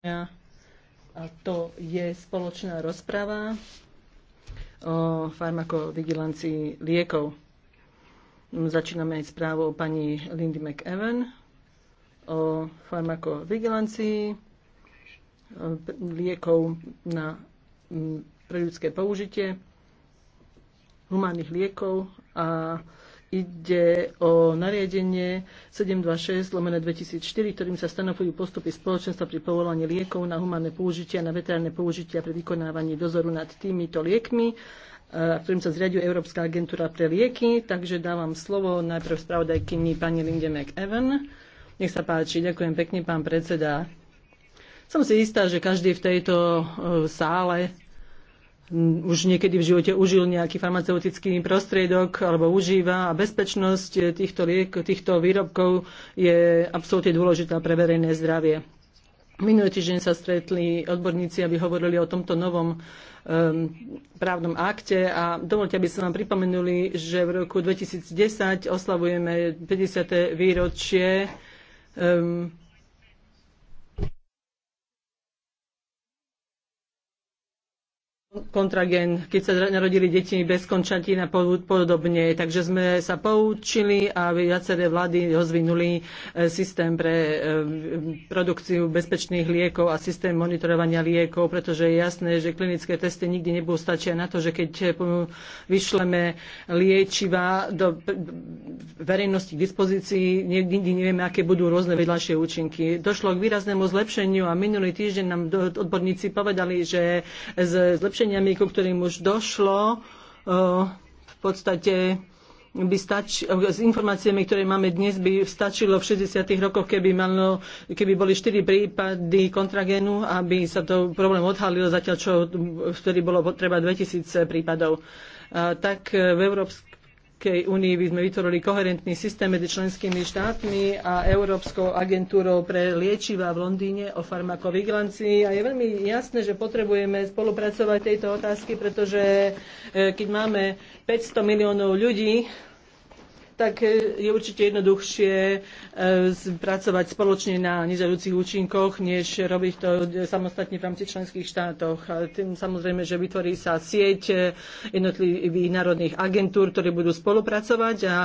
A to je spoločná rozprava o farmakovigilancii liekov. Začíname aj správou pani Lindy McEwen o farmakovigilancii e, liekov na pre ľudské použitie, humánnych liekov a ide o nariadenie 726 lomené 2004, ktorým sa stanovujú postupy spoločenstva pri povolení liekov na humánne použitie a na veteránne použitia pri vykonávanie dozoru nad týmito liekmi, ktorým sa zriaduje Európska agentúra pre lieky. Takže dávam slovo najprv spravodajkyni pani Linde McEwen. Nech sa páči, ďakujem pekne, pán predseda. Som si istá, že každý v tejto e, sále Mm, už niekedy v živote užil nejaký farmaceutický prostriedok alebo užíva a bezpečnosť eh, týchto, liek, týchto výrobkov je absolútne dôležitá pre verejné zdravie. Minulý týždeň sa stretli odborníci, aby hovorili o tomto novom um, právnom akte a dovolte, aby som vám pripomenuli, že v roku 2010 oslavujeme 50. výročie um, kontragen, keď sa narodili deti bez končatín a podobne. Takže sme sa poučili a viaceré vlády rozvinuli e, systém pre e, produkciu bezpečných liekov a systém monitorovania liekov, pretože je jasné, že klinické testy nikdy nebudú stačia na to, že keď e, vyšleme liečiva do verejnosti k dispozícii, nikdy nevieme, aké budú rôzne vedľajšie účinky. Došlo k výraznému zlepšeniu a minulý týždeň nám odborníci povedali, že zlepšenie zlepšeniami, ku ktorým už došlo, e, v podstate by stač, s informáciami, ktoré máme dnes, by stačilo v 60. rokoch, keby, malo, keby boli 4 prípady kontragenu, aby sa to problém odhalil, zatiaľ čo vtedy bolo potreba 2000 prípadov. tak e, v Európskej Európskej únii by sme vytvorili koherentný systém medzi členskými štátmi a Európskou agentúrou pre liečiva v Londýne o farmakovigilancii. A je veľmi jasné, že potrebujeme spolupracovať tejto otázky, pretože e, keď máme 500 miliónov ľudí tak e, je určite jednoduchšie e, pracovať spoločne na nežadúcich účinkoch, než robiť to e, samostatne v rámci členských štátoch. tým samozrejme, že vytvorí sa sieť jednotlivých národných agentúr, ktoré budú spolupracovať a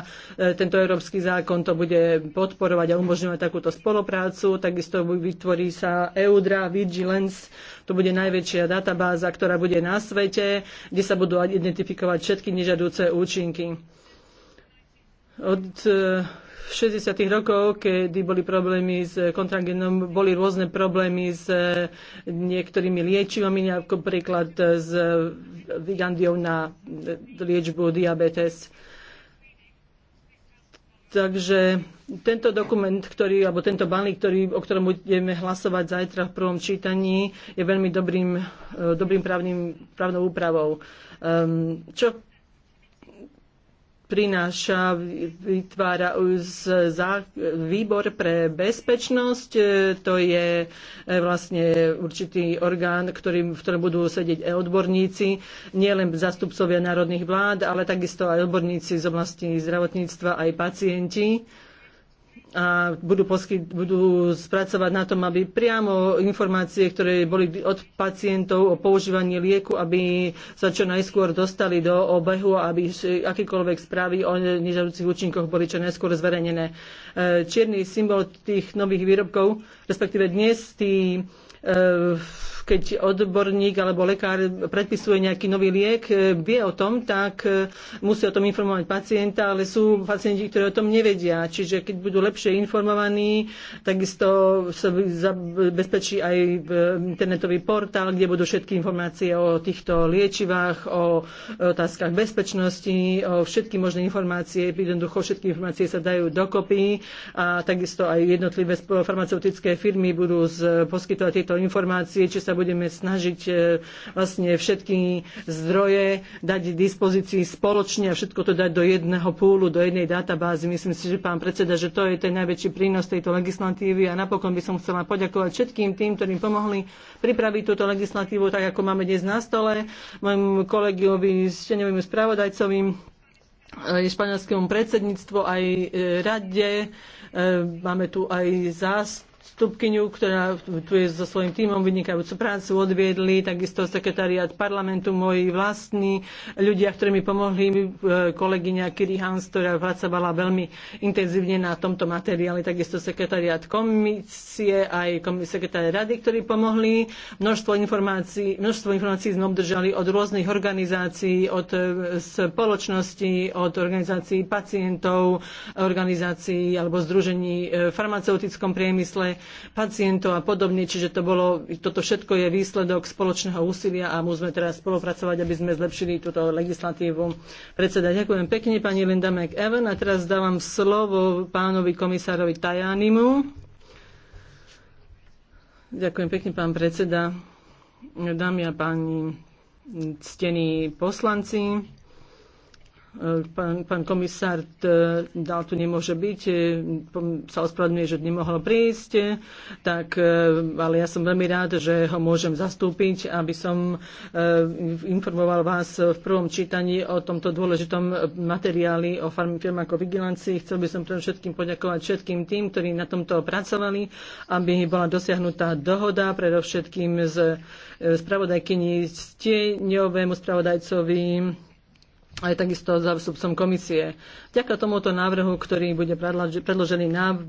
tento európsky zákon to bude podporovať a umožňovať takúto spoluprácu. Takisto vytvorí sa EUDRA, Vigilance, to bude najväčšia databáza, ktorá bude na svete, kde sa budú identifikovať všetky nežadúce účinky od 60. Eh, rokov, kedy boli problémy s kontragenom, boli rôzne problémy s eh, niektorými liečivami, ako príklad eh, s vigandiou na liečbu diabetes. Takže tento dokument, ktorý, alebo tento balík, ktorý, o ktorom budeme hlasovať zajtra v prvom čítaní, je veľmi dobrým, dobrým právnym, právnou úpravou. Um, čo prináša, vytvára výbor pre bezpečnosť. E, to je e, vlastne určitý orgán, ktorý, v ktorom budú sedieť e, odborníci, nielen zastupcovia národných vlád, ale takisto aj odborníci z oblasti zdravotníctva, aj pacienti a budú, posky, budú spracovať na tom, aby priamo informácie, ktoré boli od pacientov o používaní lieku, aby sa čo najskôr dostali do obehu a aby akékoľvek správy o nežadúcich účinkoch boli čo najskôr zverejnené. E, čierny symbol tých nových výrobkov, respektíve dnes tí e, keď odborník alebo lekár predpisuje nejaký nový liek, e, vie o tom, tak e, musí o tom informovať pacienta, ale sú pacienti, ktorí o tom nevedia. Čiže keď budú lepšie informovaní, takisto sa zabezpečí aj e, internetový portál, kde budú všetky informácie o týchto liečivách, o otázkach bezpečnosti, o všetky možné informácie, jednoducho všetky informácie sa dajú dokopy a takisto aj jednotlivé farmaceutické firmy budú poskytovať tieto informácie, či sa budeme snažiť e, vlastne všetky zdroje dať k dispozícii spoločne a všetko to dať do jedného púlu, do jednej databázy. Myslím si, že pán predseda, že to je ten najväčší prínos tejto legislatívy a napokon by som chcela poďakovať všetkým tým, ktorým pomohli pripraviť túto legislatívu tak, ako máme dnes na stole. Mojim kolegiovi, šteňovým spravodajcovým, e, španielskému predsedníctvu aj e, rade. Máme tu aj zástup zástupkyňu, ktorá tu je so svojím tímom vynikajúcu prácu odviedli, takisto sekretariat parlamentu, moji vlastní ľudia, ktorí mi pomohli, e, kolegyňa Kiri Hans, ktorá pracovala veľmi intenzívne na tomto materiáli, takisto sekretariat komisie, aj sekretariat rady, ktorí pomohli. Množstvo informácií, množstvo informácií sme obdržali od rôznych organizácií, od e, spoločnosti, od organizácií pacientov, organizácií alebo združení v e, farmaceutickom priemysle, pacientov a podobne. Čiže to bolo, toto všetko je výsledok spoločného úsilia a musíme teraz spolupracovať, aby sme zlepšili túto legislatívu. Predseda, ďakujem pekne pani Linda McEwen a teraz dávam slovo pánovi komisárovi Tajanimu. Ďakujem pekne, pán predseda. Dámy a páni, ctení poslanci, E, pán, pán komisár dal tu nemôže byť, e, sa ospravedlňuje, že nemohol prísť, e, tak, ale ja som veľmi rád, že ho môžem zastúpiť, aby som informoval vás v prvom čítaní o tomto dôležitom materiáli o farmakovigilancii. Chcel by som pre všetkým poďakovať všetkým tým, ktorí na tomto pracovali, aby bola dosiahnutá dohoda, predovšetkým z spravodajkyni stieňovému spravodajcovi aj takisto vstupcom komisie. Vďaka tomuto návrhu, ktorý bude predložený na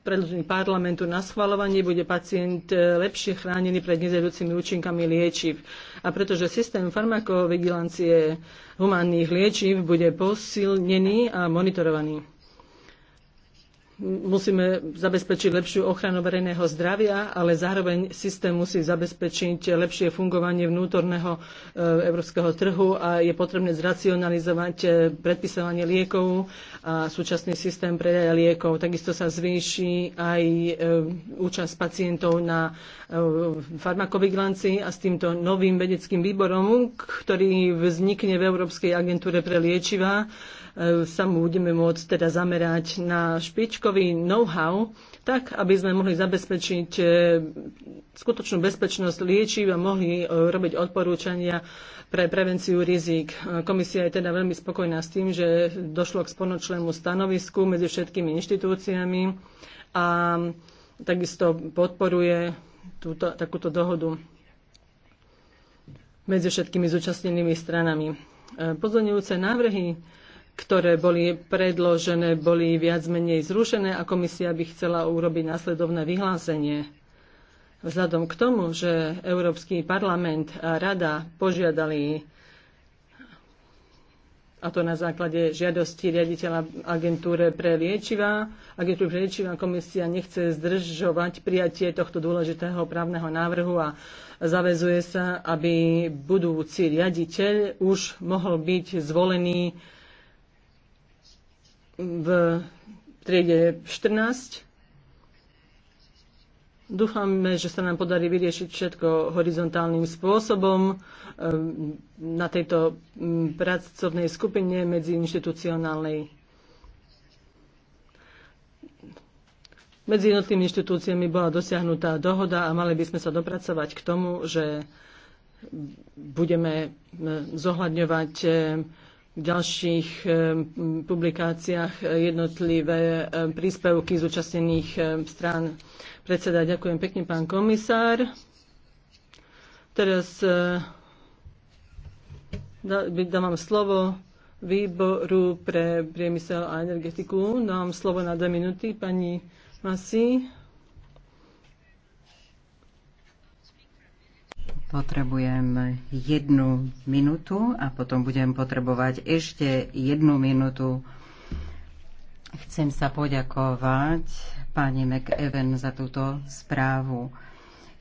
predložený parlamentu na schvalovanie, bude pacient e, lepšie chránený pred nezajúcimi účinkami liečiv. A pretože systém farmakovigilancie humánnych liečiv bude posilnený a monitorovaný musíme zabezpečiť lepšiu ochranu verejného zdravia, ale zároveň systém musí zabezpečiť lepšie fungovanie vnútorného e, európskeho trhu a je potrebné zracionalizovať e, predpisovanie liekov a súčasný systém predaja liekov. Takisto sa zvýši aj e, účasť pacientov na farmakovigilancii a s týmto novým vedeckým výborom, ktorý vznikne v Európskej agentúre pre liečiva, sa budeme môcť teda zamerať na špičko špičkový know-how, tak aby sme mohli zabezpečiť e, skutočnú bezpečnosť liečiv a mohli e, robiť odporúčania pre prevenciu rizik. E, komisia je teda veľmi spokojná s tým, že došlo k spoločnému stanovisku medzi všetkými inštitúciami a takisto podporuje túto, takúto dohodu medzi všetkými zúčastnenými stranami. Pozorňujúce návrhy ktoré boli predložené, boli viac menej zrušené a komisia by chcela urobiť následovné vyhlásenie. Vzhľadom k tomu, že Európsky parlament a rada požiadali a to na základe žiadosti riaditeľa agentúre pre liečivá. Agentúra pre liečivá komisia nechce zdržovať prijatie tohto dôležitého právneho návrhu a zavezuje sa, aby budúci riaditeľ už mohol byť zvolený v triede 14. Dúfame, že sa nám podarí vyriešiť všetko horizontálnym spôsobom ehm, na tejto mm, pracovnej skupine medziinstitucionálnej. Medzi jednotnými inštitúciami bola dosiahnutá dohoda a mali by sme sa dopracovať k tomu, že budeme ehm, zohľadňovať ehm, v ďalších eh, publikáciách eh, jednotlivé eh, príspevky zúčastnených strán. Predseda, ďakujem pekne, pán komisár. Teraz dávam slovo výboru pre priemysel a energetiku. Dávam slovo na dve minúty pani Masi. Potrebujem jednu minútu a potom budem potrebovať ešte jednu minútu. Chcem sa poďakovať pani McEwen za túto správu.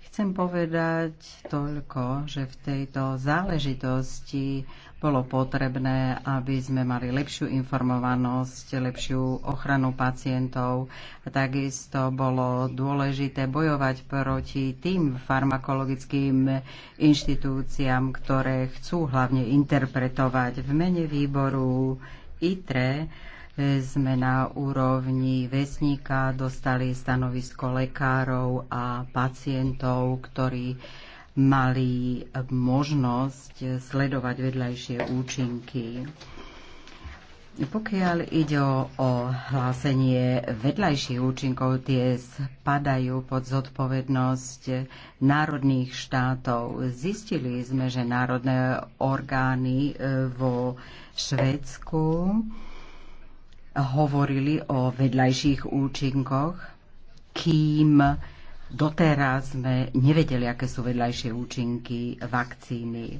Chcem povedať toľko, že v tejto záležitosti bolo potrebné, aby sme mali lepšiu informovanosť, lepšiu ochranu pacientov. Takisto bolo dôležité bojovať proti tým farmakologickým inštitúciám, ktoré chcú hlavne interpretovať v mene výboru ITRE sme na úrovni vesníka dostali stanovisko lekárov a pacientov, ktorí mali možnosť sledovať vedľajšie účinky. Pokiaľ ide o hlásenie vedľajších účinkov, tie spadajú pod zodpovednosť národných štátov. Zistili sme, že národné orgány e, vo Švedsku hovorili o vedľajších účinkoch, kým Doteraz sme nevedeli, aké sú vedľajšie účinky vakcíny.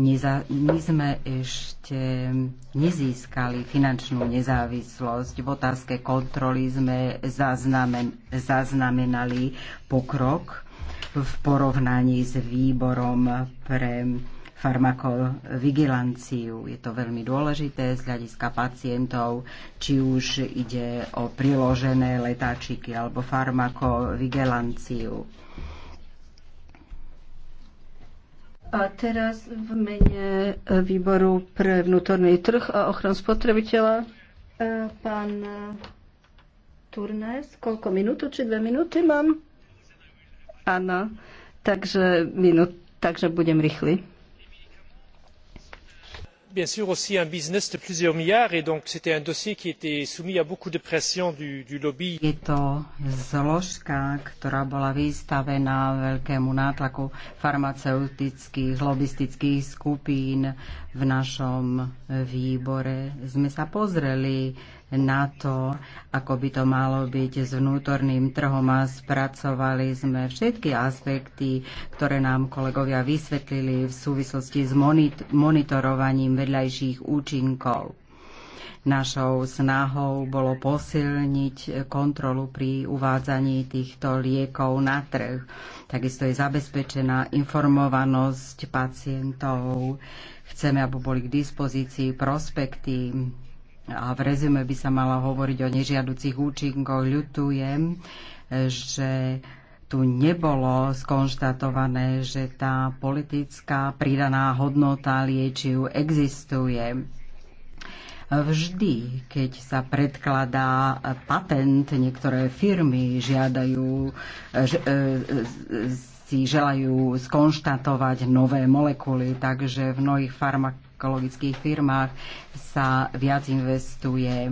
Neza, my sme ešte nezískali finančnú nezávislosť. V otázke kontroly sme zaznamen, zaznamenali pokrok v porovnaní s výborom pre farmakovigilanciu. Je to veľmi dôležité z hľadiska pacientov, či už ide o priložené letáčiky alebo farmakovigilanciu. A teraz v mene e, výboru pre vnútorný trh a ochranu spotrebiteľa e, pán Turnes, koľko minút, či dve minúty mám? Áno, takže, minút, takže budem rýchly bien sûr aussi un business de plusieurs milliards et donc c'était un dossier qui était soumis à beaucoup de pression du, du lobby. Je to zložka, ktorá bola vystavená veľkému nátlaku farmaceutických lobistických skupín v našom výbore. Sme sa pozreli na to, ako by to malo byť s vnútorným trhom a spracovali sme všetky aspekty, ktoré nám kolegovia vysvetlili v súvislosti s monitorovaním vedľajších účinkov. Našou snahou bolo posilniť kontrolu pri uvádzaní týchto liekov na trh. Takisto je zabezpečená informovanosť pacientov. Chceme, aby boli k dispozícii prospekty a v rezume by sa mala hovoriť o nežiaducich účinkoch. Ľutujem, že tu nebolo skonštatované, že tá politická pridaná hodnota liečiv existuje. Vždy, keď sa predkladá patent, niektoré firmy žiadajú, e, e, si želajú skonštatovať nové molekuly, takže v mnohých farmak ekologických firmách sa viac investuje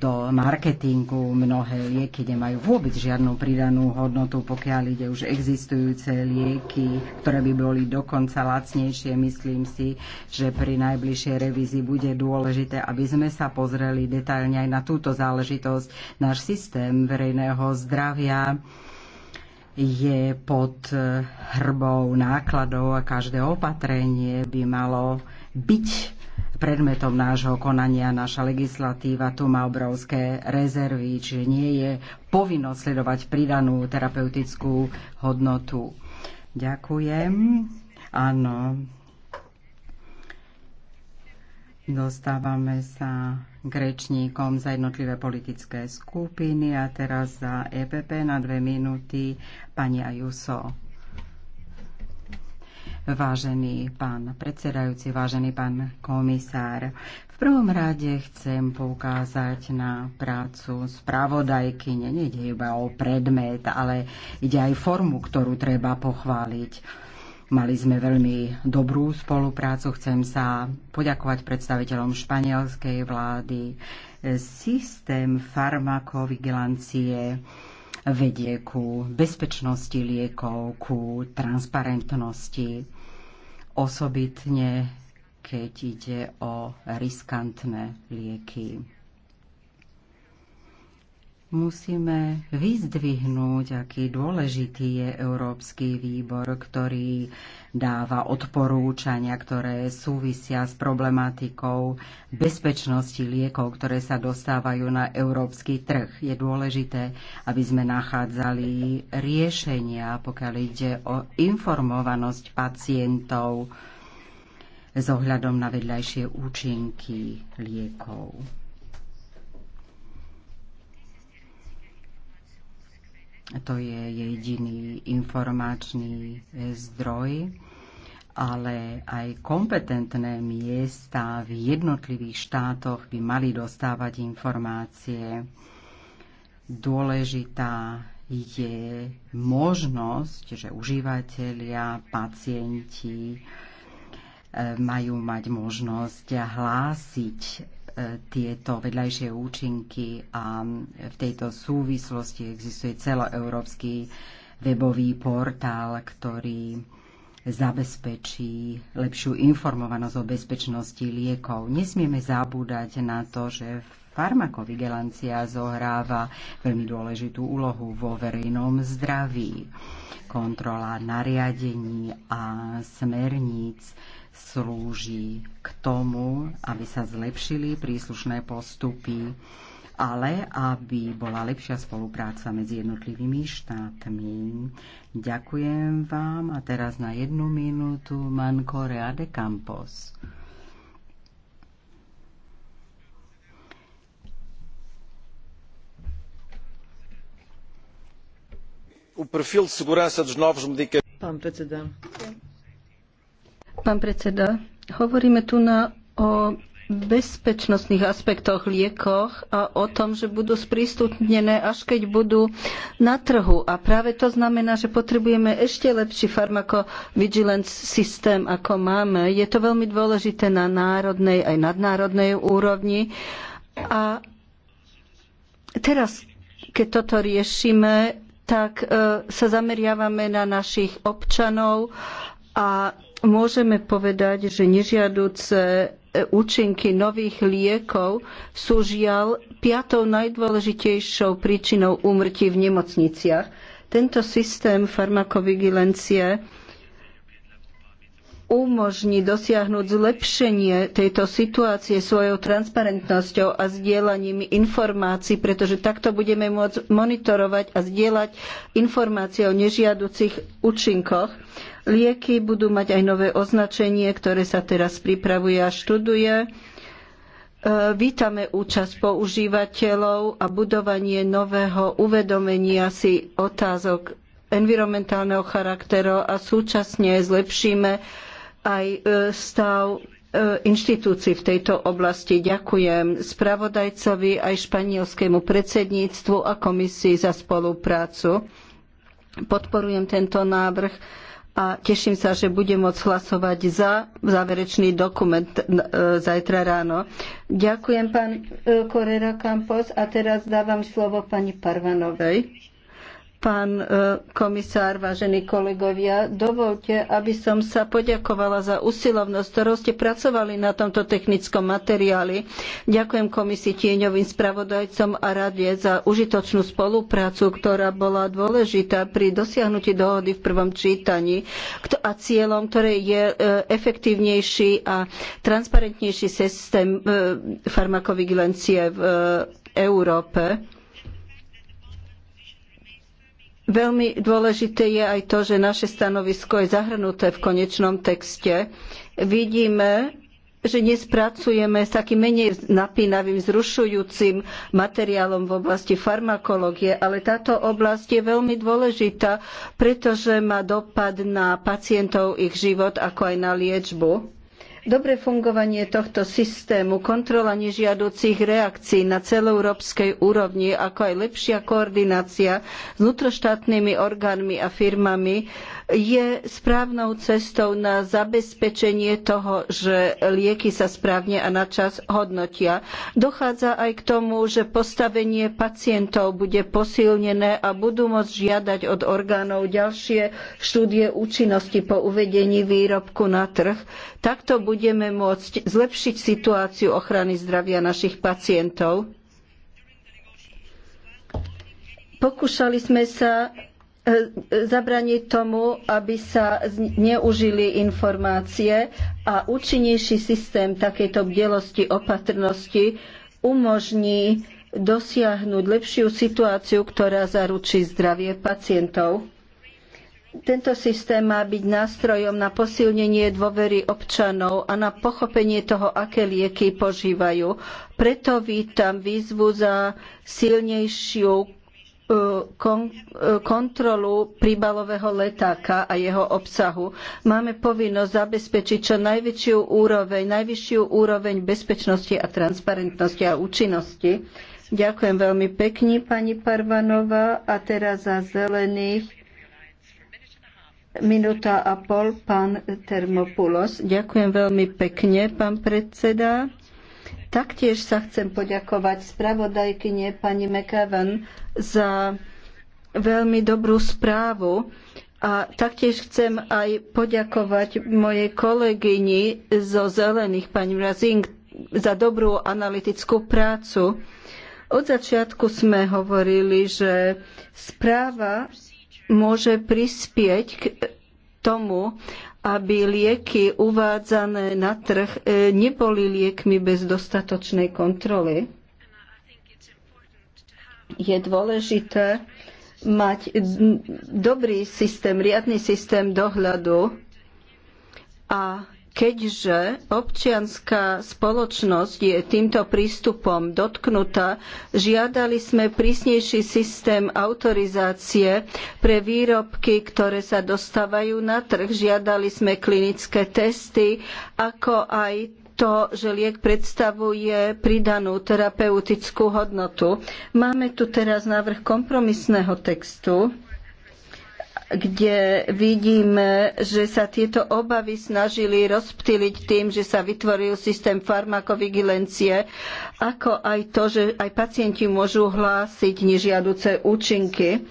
do marketingu. Mnohé lieky nemajú vôbec žiadnu pridanú hodnotu, pokiaľ ide už existujúce lieky, ktoré by boli dokonca lacnejšie. Myslím si, že pri najbližšej revízii bude dôležité, aby sme sa pozreli detailne aj na túto záležitosť. Náš systém verejného zdravia je pod hrbou nákladov a každé opatrenie by malo byť predmetom nášho konania naša legislatíva tu má obrovské rezervy, čiže nie je povinnosť sledovať pridanú terapeutickú hodnotu. Ďakujem. Áno. Dostávame sa k rečníkom za jednotlivé politické skupiny a teraz za EPP na dve minúty pani Ajuso vážený pán predsedajúci, vážený pán komisár. V prvom rade chcem poukázať na prácu spravodajky. Nejde iba o predmet, ale ide aj formu, ktorú treba pochváliť. Mali sme veľmi dobrú spoluprácu. Chcem sa poďakovať predstaviteľom španielskej vlády. Systém farmakovigilancie vedie ku bezpečnosti liekov, ku transparentnosti osobitne keď ide o riskantné lieky musíme vyzdvihnúť, aký dôležitý je Európsky výbor, ktorý dáva odporúčania, ktoré súvisia s problematikou bezpečnosti liekov, ktoré sa dostávajú na európsky trh. Je dôležité, aby sme nachádzali riešenia, pokiaľ ide o informovanosť pacientov s ohľadom na vedľajšie účinky liekov. to je jediný informačný e, zdroj, ale aj kompetentné miesta v jednotlivých štátoch by mali dostávať informácie. Dôležitá je možnosť, že užívateľia, pacienti e, majú mať možnosť hlásiť tieto vedľajšie účinky a v tejto súvislosti existuje celoeurópsky webový portál, ktorý zabezpečí lepšiu informovanosť o bezpečnosti liekov. Nesmieme zabúdať na to, že farmakovigilancia zohráva veľmi dôležitú úlohu vo verejnom zdraví. Kontrola nariadení a smerníc slúži k tomu, aby sa zlepšili príslušné postupy, ale aby bola lepšia spolupráca medzi jednotlivými štátmi. Ďakujem vám a teraz na jednu minútu Mancorea de Campos. Pán predseda, Pán predseda, hovoríme tu na, o bezpečnostných aspektoch liekoch a o tom, že budú sprístupnené až keď budú na trhu. A práve to znamená, že potrebujeme ešte lepší farmakovigilance systém, ako máme. Je to veľmi dôležité na národnej aj nadnárodnej úrovni. A teraz, keď toto riešime, tak e, sa zameriavame na našich občanov a môžeme povedať, že nežiaduce účinky nových liekov sú žiaľ piatou najdôležitejšou príčinou úmrtí v nemocniciach. Tento systém farmakovigilencie umožní dosiahnuť zlepšenie tejto situácie svojou transparentnosťou a zdieľaním informácií, pretože takto budeme môcť monitorovať a zdieľať informácie o nežiaducich účinkoch. Lieky budú mať aj nové označenie, ktoré sa teraz pripravuje a študuje. E, vítame účasť používateľov a budovanie nového uvedomenia si otázok environmentálneho charakteru a súčasne zlepšíme aj e, stav e, inštitúcií v tejto oblasti. Ďakujem spravodajcovi aj španielskému predsedníctvu a komisii za spoluprácu. Podporujem tento návrh a teším sa, že budem môcť hlasovať za záverečný dokument e, zajtra ráno. Ďakujem, pán Korera Campos. A teraz dávam slovo pani Parvanovej. Pán e, komisár, vážení kolegovia, dovolte, aby som sa poďakovala za usilovnosť, ktorou ste pracovali na tomto technickom materiáli. Ďakujem komisii tieňovým spravodajcom a rade za užitočnú spoluprácu, ktorá bola dôležitá pri dosiahnutí dohody v prvom čítaní a cieľom, ktoré je e, efektívnejší a transparentnejší systém e, farmakovigilancie v Európe Veľmi dôležité je aj to, že naše stanovisko je zahrnuté v konečnom texte. Vidíme, že dnes pracujeme s takým menej napínavým, zrušujúcim materiálom v oblasti farmakológie, ale táto oblasť je veľmi dôležitá, pretože má dopad na pacientov, ich život, ako aj na liečbu. Dobré fungovanie tohto systému, kontrola nežiaducich reakcií na celoeurópskej úrovni, ako aj lepšia koordinácia s vnútroštátnymi orgánmi a firmami je správnou cestou na zabezpečenie toho, že lieky sa správne a načas hodnotia. Dochádza aj k tomu, že postavenie pacientov bude posilnené a budú môcť žiadať od orgánov ďalšie štúdie účinnosti po uvedení výrobku na trh. Takto budeme môcť zlepšiť situáciu ochrany zdravia našich pacientov. Pokúšali sme sa E, zabraniť tomu, aby sa neužili informácie a účinnejší systém takejto bdelosti, opatrnosti umožní dosiahnuť lepšiu situáciu, ktorá zaručí zdravie pacientov. Tento systém má byť nástrojom na posilnenie dôvery občanov a na pochopenie toho, aké lieky požívajú. Preto vítam výzvu za silnejšiu E, e, kontrolu príbalového letáka a jeho obsahu. Máme povinnosť zabezpečiť čo najväčšiu úroveň, najvyššiu úroveň bezpečnosti a transparentnosti a účinnosti. Ďakujem veľmi pekne, pani Parvanová. A teraz za zelených minúta a pol, pán Termopulos. Ďakujem veľmi pekne, pán predseda. Taktiež sa chcem poďakovať spravodajkyne pani McEwan za veľmi dobrú správu a taktiež chcem aj poďakovať mojej kolegyni zo Zelených, pani Razing, za dobrú analytickú prácu. Od začiatku sme hovorili, že správa môže prispieť k tomu, aby lieky uvádzané na trh e, neboli liekmi bez dostatočnej kontroly. Je dôležité mať dobrý systém, riadny systém dohľadu a Keďže občianská spoločnosť je týmto prístupom dotknutá, žiadali sme prísnejší systém autorizácie pre výrobky, ktoré sa dostávajú na trh. Žiadali sme klinické testy, ako aj to, že liek predstavuje pridanú terapeutickú hodnotu. Máme tu teraz návrh kompromisného textu kde vidíme, že sa tieto obavy snažili rozptýliť tým, že sa vytvoril systém farmakovigilencie, ako aj to, že aj pacienti môžu hlásiť nežiaduce účinky.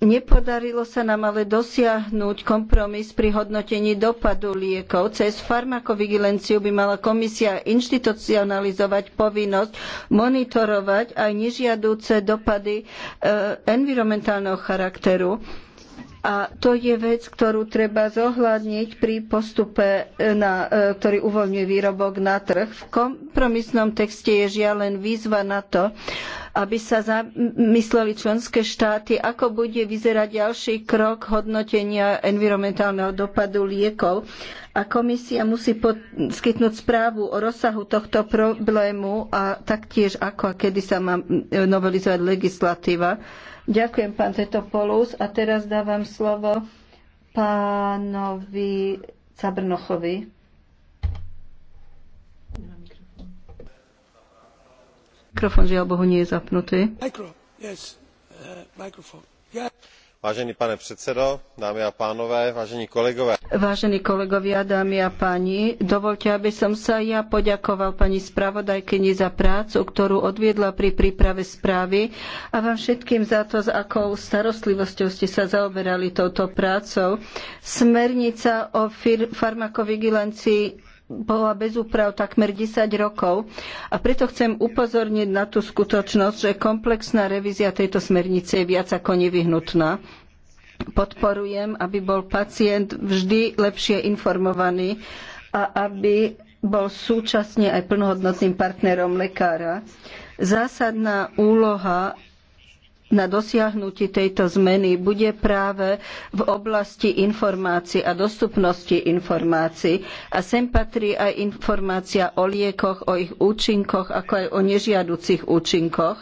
Nepodarilo sa nám ale dosiahnuť kompromis pri hodnotení dopadu liekov. Cez farmakovigilenciu by mala komisia inštitucionalizovať povinnosť monitorovať aj nežiaduce dopady e, environmentálneho charakteru. A to je vec, ktorú treba zohľadniť pri postupe, e, na, e, ktorý uvoľňuje výrobok na trh. V kompromisnom texte je žiaľ len výzva na to, aby sa zamysleli členské štáty, ako bude vyzerať ďalší krok hodnotenia environmentálneho dopadu liekov. A komisia musí poskytnúť správu o rozsahu tohto problému a taktiež ako a kedy sa má novelizovať legislatíva. Ďakujem, pán Tetopoulos. A teraz dávam slovo pánovi Cabrnochovi. Mikrofón žiaľ Bohu nie je zapnutý. Uh, Vážený pane predsedo, dámy a pánové, vážení kolegové. Vážení kolegovia, dámy a páni, dovolte, aby som sa ja poďakoval pani spravodajkyni za prácu, ktorú odviedla pri príprave správy a vám všetkým za to, s akou starostlivosťou ste sa zaoberali touto prácou. Smernica o farmakovigilancii bola bez úprav takmer 10 rokov a preto chcem upozorniť na tú skutočnosť, že komplexná revízia tejto smernice je viac ako nevyhnutná. Podporujem, aby bol pacient vždy lepšie informovaný a aby bol súčasne aj plnohodnotným partnerom lekára. Zásadná úloha na dosiahnutí tejto zmeny bude práve v oblasti informácií a dostupnosti informácií. A sem patrí aj informácia o liekoch, o ich účinkoch, ako aj o nežiaducich účinkoch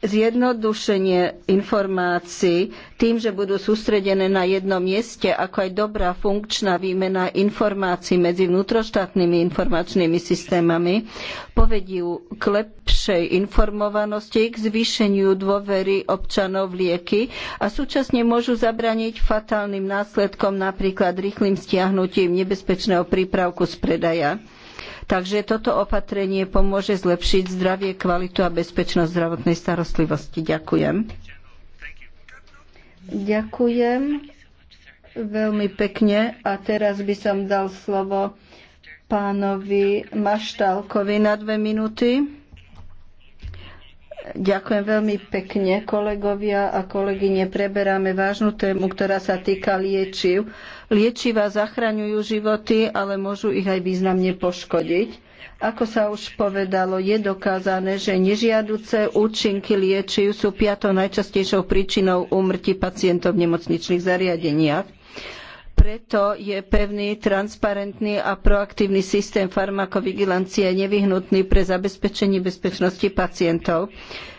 zjednodušenie informácií tým, že budú sústredené na jednom mieste, ako aj dobrá funkčná výmena informácií medzi vnútroštátnymi informačnými systémami, povedú k lepšej informovanosti, k zvýšeniu dôvery občanov v lieky a súčasne môžu zabrániť fatálnym následkom napríklad rýchlým stiahnutím nebezpečného prípravku z predaja. Takže toto opatrenie pomôže zlepšiť zdravie, kvalitu a bezpečnosť zdravotnej starostlivosti. Ďakujem. Ďakujem veľmi pekne a teraz by som dal slovo pánovi Maštálkovi na dve minúty. Ďakujem veľmi pekne, kolegovia a kolegyne. Preberáme vážnu tému, ktorá sa týka liečiv. Liečiva zachraňujú životy, ale môžu ich aj významne poškodiť. Ako sa už povedalo, je dokázané, že nežiaduce účinky liečiv sú piatou najčastejšou príčinou úmrtí pacientov v nemocničných zariadeniach preto je pevný, transparentný a proaktívny systém farmakovigilancie nevyhnutný pre zabezpečenie bezpečnosti pacientov.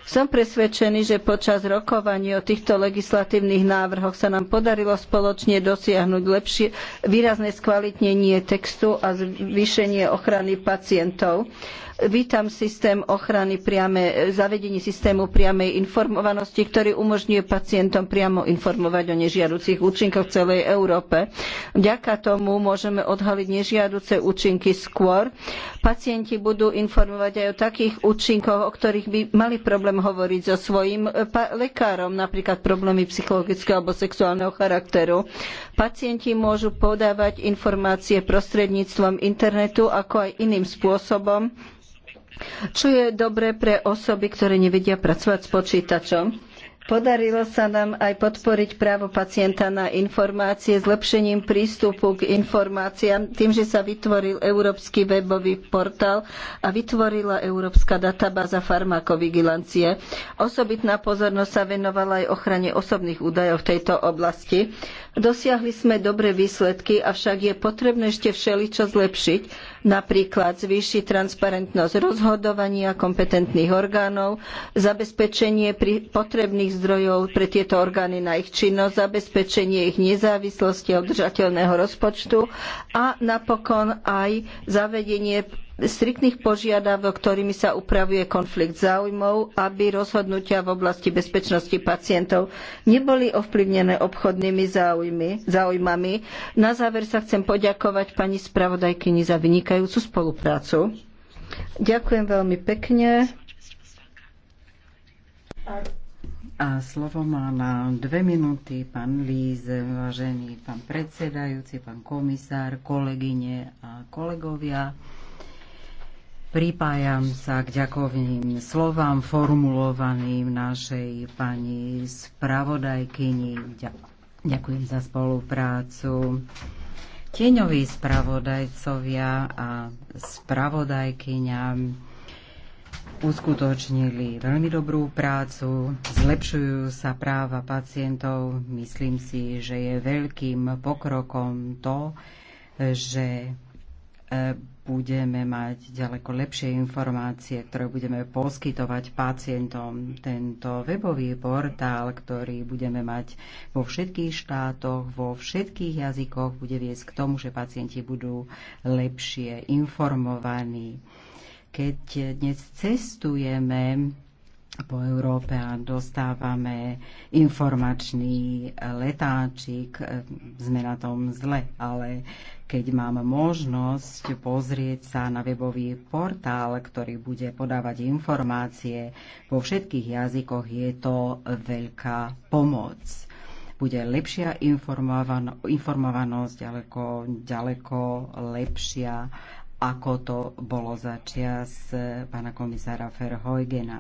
Som presvedčený, že počas rokovaní o týchto legislatívnych návrhoch sa nám podarilo spoločne dosiahnuť lepšie, výrazné skvalitnenie textu a zvýšenie ochrany pacientov. Vítam systém ochrany priame, zavedení systému priamej informovanosti, ktorý umožňuje pacientom priamo informovať o nežiaducich účinkoch v celej Európe. Vďaka tomu môžeme odhaliť nežiaduce účinky skôr. Pacienti budú informovať aj o takých účinkoch, o ktorých by mali problém hovoriť so svojím lekárom, napríklad problémy psychologického alebo sexuálneho charakteru. Pacienti môžu podávať informácie prostredníctvom internetu, ako aj iným spôsobom čo je dobré pre osoby, ktoré nevedia pracovať s počítačom. Podarilo sa nám aj podporiť právo pacienta na informácie zlepšením prístupu k informáciám, tým, že sa vytvoril Európsky webový portál a vytvorila Európska databáza farmakovigilancie. Osobitná pozornosť sa venovala aj ochrane osobných údajov v tejto oblasti. Dosiahli sme dobré výsledky, avšak je potrebné ešte všeličo zlepšiť, napríklad zvýšiť transparentnosť rozhodovania kompetentných orgánov, zabezpečenie potrebných zdrojov pre tieto orgány na ich činnosť, zabezpečenie ich nezávislosti a udržateľného rozpočtu a napokon aj zavedenie striktných požiadavok, ktorými sa upravuje konflikt záujmov, aby rozhodnutia v oblasti bezpečnosti pacientov neboli ovplyvnené obchodnými záujmy, záujmami. Na záver sa chcem poďakovať pani spravodajkyni za vynikajúcu spoluprácu. Ďakujem veľmi pekne. A slovo má na dve minúty pán Líze, vážený pán predsedajúci, pán komisár, kolegyne a kolegovia. Pripájam sa k ďakovným slovám formulovaným našej pani spravodajkyni. Ďakujem za spoluprácu. Tieňoví spravodajcovia a spravodajkyňa uskutočnili veľmi dobrú prácu, zlepšujú sa práva pacientov. Myslím si, že je veľkým pokrokom to, že e, budeme mať ďaleko lepšie informácie, ktoré budeme poskytovať pacientom. Tento webový portál, ktorý budeme mať vo všetkých štátoch, vo všetkých jazykoch, bude viesť k tomu, že pacienti budú lepšie informovaní. Keď dnes cestujeme po Európe a dostávame informačný letáčik, e, sme na tom zle, ale keď mám možnosť pozrieť sa na webový portál, ktorý bude podávať informácie vo všetkých jazykoch, je to veľká pomoc. Bude lepšia informovanosť, ďaleko, ďaleko lepšia, ako to bolo začias pána komisára Ferhojgena.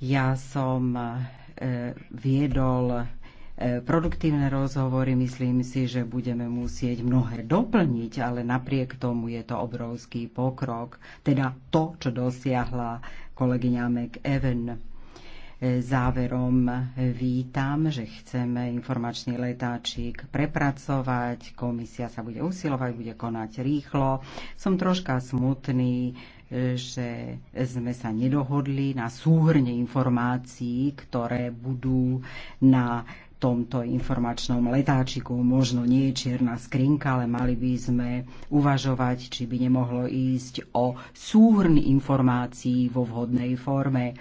Ja som eh, viedol produktívne rozhovory. Myslím si, že budeme musieť mnohé doplniť, ale napriek tomu je to obrovský pokrok, teda to, čo dosiahla kolegyňa McEwen. Záverom vítam, že chceme informačný letáčik prepracovať. Komisia sa bude usilovať, bude konať rýchlo. Som troška smutný, že sme sa nedohodli na súhrne informácií, ktoré budú na tomto informačnom letáčiku. Možno nie je čierna skrinka, ale mali by sme uvažovať, či by nemohlo ísť o súhrn informácií vo vhodnej forme.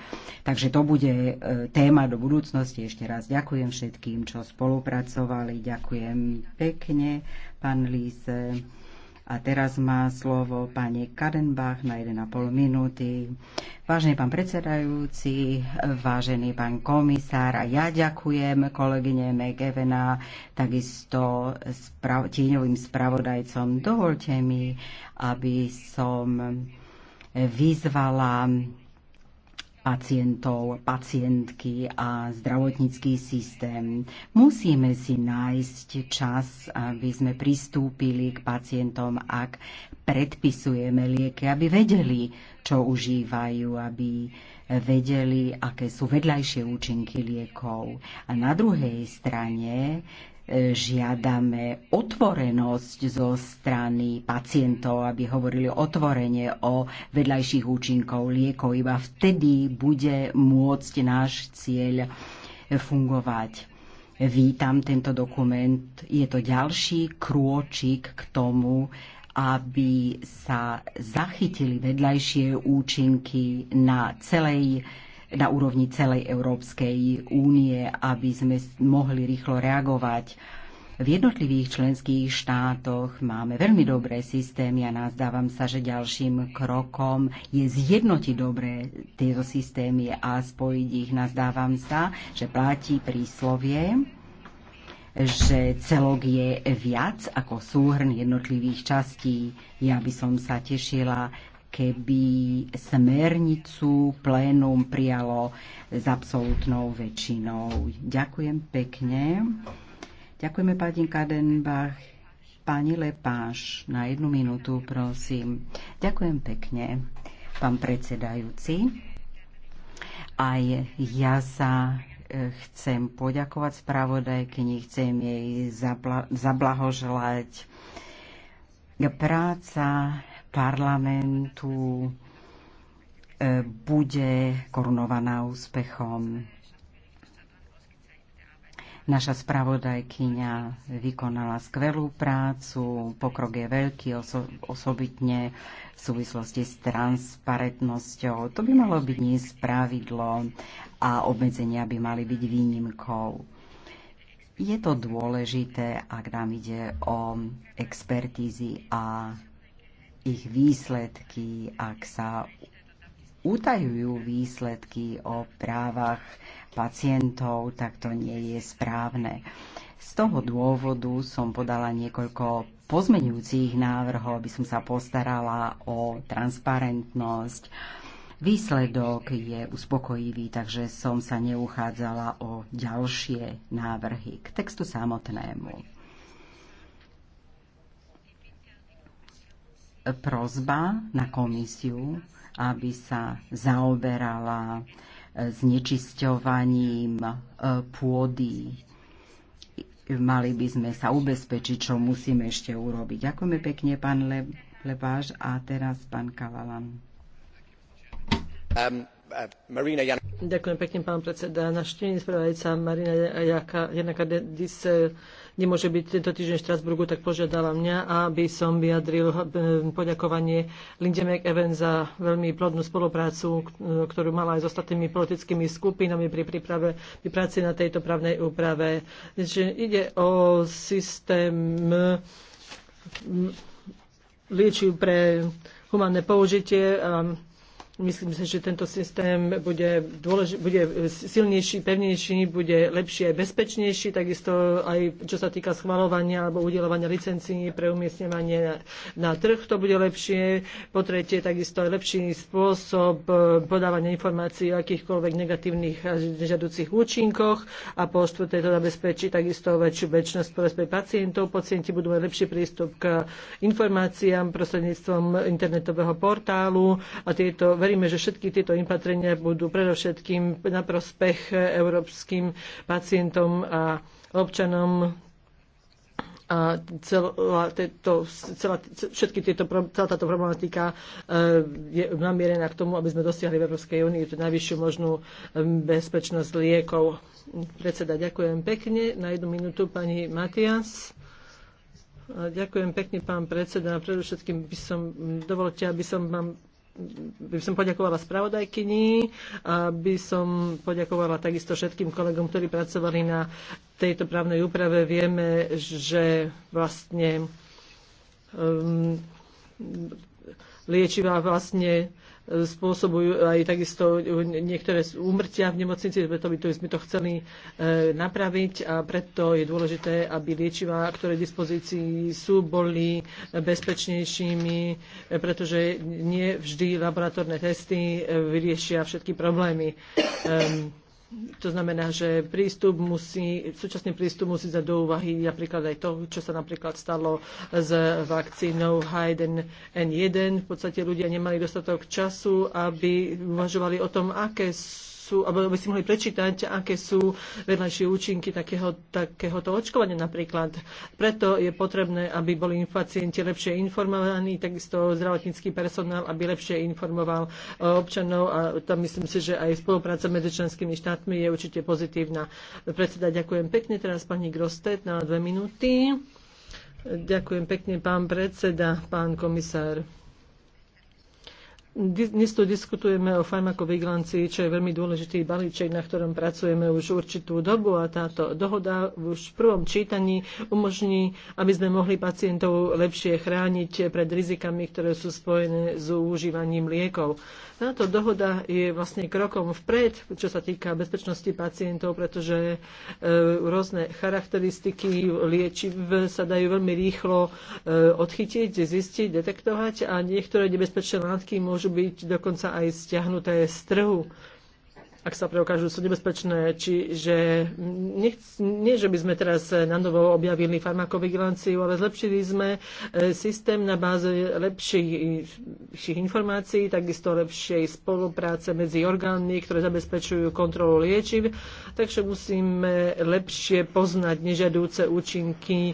Takže to bude e, téma do budúcnosti. Ešte raz ďakujem všetkým, čo spolupracovali. Ďakujem pekne, pán Líse. A teraz má slovo pani Kadenbach na 1,5 minúty. Vážený pán predsedajúci, vážený pán komisár, a ja ďakujem kolegyne Megevena, takisto sprav- tieňovým spravodajcom. Dovolte mi, aby som vyzvala pacientov, pacientky a zdravotnícky systém. Musíme si nájsť čas, aby sme pristúpili k pacientom, ak predpisujeme lieky, aby vedeli, čo užívajú, aby vedeli, aké sú vedľajšie účinky liekov. A na druhej strane žiadame otvorenosť zo strany pacientov, aby hovorili otvorene o vedľajších účinkov liekov. Iba vtedy bude môcť náš cieľ fungovať. Vítam tento dokument. Je to ďalší krôčik k tomu, aby sa zachytili vedľajšie účinky na celej na úrovni celej Európskej únie, aby sme mohli rýchlo reagovať. V jednotlivých členských štátoch máme veľmi dobré systémy a nazdávam sa, že ďalším krokom je zjednotiť dobré tieto systémy a spojiť ich. Nazdávam sa, že platí príslovie, že celok je viac ako súhrn jednotlivých častí. Ja by som sa tešila, keby smernicu plénum prijalo s absolútnou väčšinou. Ďakujem pekne. Ďakujeme pani Kadenbach. Pani Lepáš, na jednu minútu, prosím. Ďakujem pekne, pán predsedajúci. Aj ja sa e, chcem poďakovať spravodajkyni, chcem jej zabla- zablahoželať. Práca parlamentu e, bude korunovaná úspechom. Naša spravodajkyňa vykonala skvelú prácu, pokrok je veľký, oso- osobitne v súvislosti s transparentnosťou. To by malo byť nie pravidlo a obmedzenia by mali byť výnimkou. Je to dôležité, ak nám ide o expertízy a ich výsledky, ak sa utajujú výsledky o právach pacientov, tak to nie je správne. Z toho dôvodu som podala niekoľko pozmeňujúcich návrhov, aby som sa postarala o transparentnosť. Výsledok je uspokojivý, takže som sa neuchádzala o ďalšie návrhy k textu samotnému. prozba na komisiu, aby sa zaoberala e, znečisťovaním e, pôdy. Mali by sme sa ubezpečiť, čo musíme ešte urobiť. Ďakujeme pekne, pán Le- Leváš. A teraz pán Kavalan. Um, uh, Marina Jan- Ďakujem pekne, pán predseda. Naš spravodajca Marina Janaka Dis nemôže byť tento týždeň v Štrasburgu, tak požiadala mňa, aby som vyjadril eh, poďakovanie Linde McEwen za veľmi plodnú spoluprácu, eh, ktorú mala aj s ostatnými politickými skupinami pri príprave pri práci na tejto právnej úprave. Čiže ide o systém eh, liečiv pre humánne použitie. A Myslím si, že tento systém bude, dôlež- bude silnejší, pevnejší, bude lepší aj bezpečnejší, takisto aj čo sa týka schvalovania alebo udelovania licencií pre umiestňovanie na, na trh, to bude lepšie. Po tretie, takisto aj lepší spôsob e, podávania informácií o akýchkoľvek negatívnych a nežadúcich účinkoch a po štvrté to zabezpečí takisto väčšiu väčšnosť pre pacientov. Pacienti budú mať lepší prístup k informáciám prostredníctvom internetového portálu a tieto veríme, že všetky tieto opatrenia budú predovšetkým na prospech európskym pacientom a občanom a celá, tieto, celá, všetky tieto, celá táto problematika e, je namierená k tomu, aby sme dosiahli v Európskej únii tú najvyššiu možnú bezpečnosť liekov. Predseda, ďakujem pekne. Na jednu minútu pani Matias. Ďakujem pekne, pán predseda. Predovšetkým by som, dovolte, aby som vám by som poďakovala spravodajkyni, by som poďakovala takisto všetkým kolegom, ktorí pracovali na tejto právnej úprave. Vieme, že vlastne um, liečivá vlastne spôsobujú aj takisto niektoré úmrtia v nemocnici, preto by to sme to chceli e, napraviť a preto je dôležité, aby liečiva, ktoré v dispozícii sú, boli bezpečnejšími, e, pretože nie vždy laboratórne testy e, vyriešia všetky problémy. Ehm, to znamená, že prístup musí, súčasný prístup musí za do úvahy napríklad aj to, čo sa napríklad stalo s vakcínou Hayden N1. V podstate ľudia nemali dostatok času, aby uvažovali o tom, aké sú sú, alebo by si mohli prečítať, aké sú vedľajšie účinky takého, takéhoto očkovania napríklad. Preto je potrebné, aby boli pacienti lepšie informovaní, takisto zdravotnícky personál, aby lepšie informoval e, občanov a tam myslím si, že aj spolupráca medzi členskými štátmi je určite pozitívna. Predseda, ďakujem pekne. Teraz pani Grostet na dve minúty. Ďakujem pekne, pán predseda, pán komisár. Dnes tu diskutujeme o farmakovigilancii, čo je veľmi dôležitý balíček, na ktorom pracujeme už určitú dobu a táto dohoda už v prvom čítaní umožní, aby sme mohli pacientov lepšie chrániť pred rizikami, ktoré sú spojené s užívaním liekov. Táto dohoda je vlastne krokom vpred, čo sa týka bezpečnosti pacientov, pretože e, rôzne charakteristiky liečiv sa dajú veľmi rýchlo e, odchytiť, zistiť, detektovať a niektoré nebezpečné látky môžu byť dokonca aj stiahnuté z trhu ak sa preukážu, sú nebezpečné. Čiže nie, že by sme teraz na novo objavili farmakovigilanciu, ale zlepšili sme e, systém na báze lepších, informácií, takisto lepšej spolupráce medzi orgánmi, ktoré zabezpečujú kontrolu liečiv. Takže musíme lepšie poznať nežiadúce účinky e,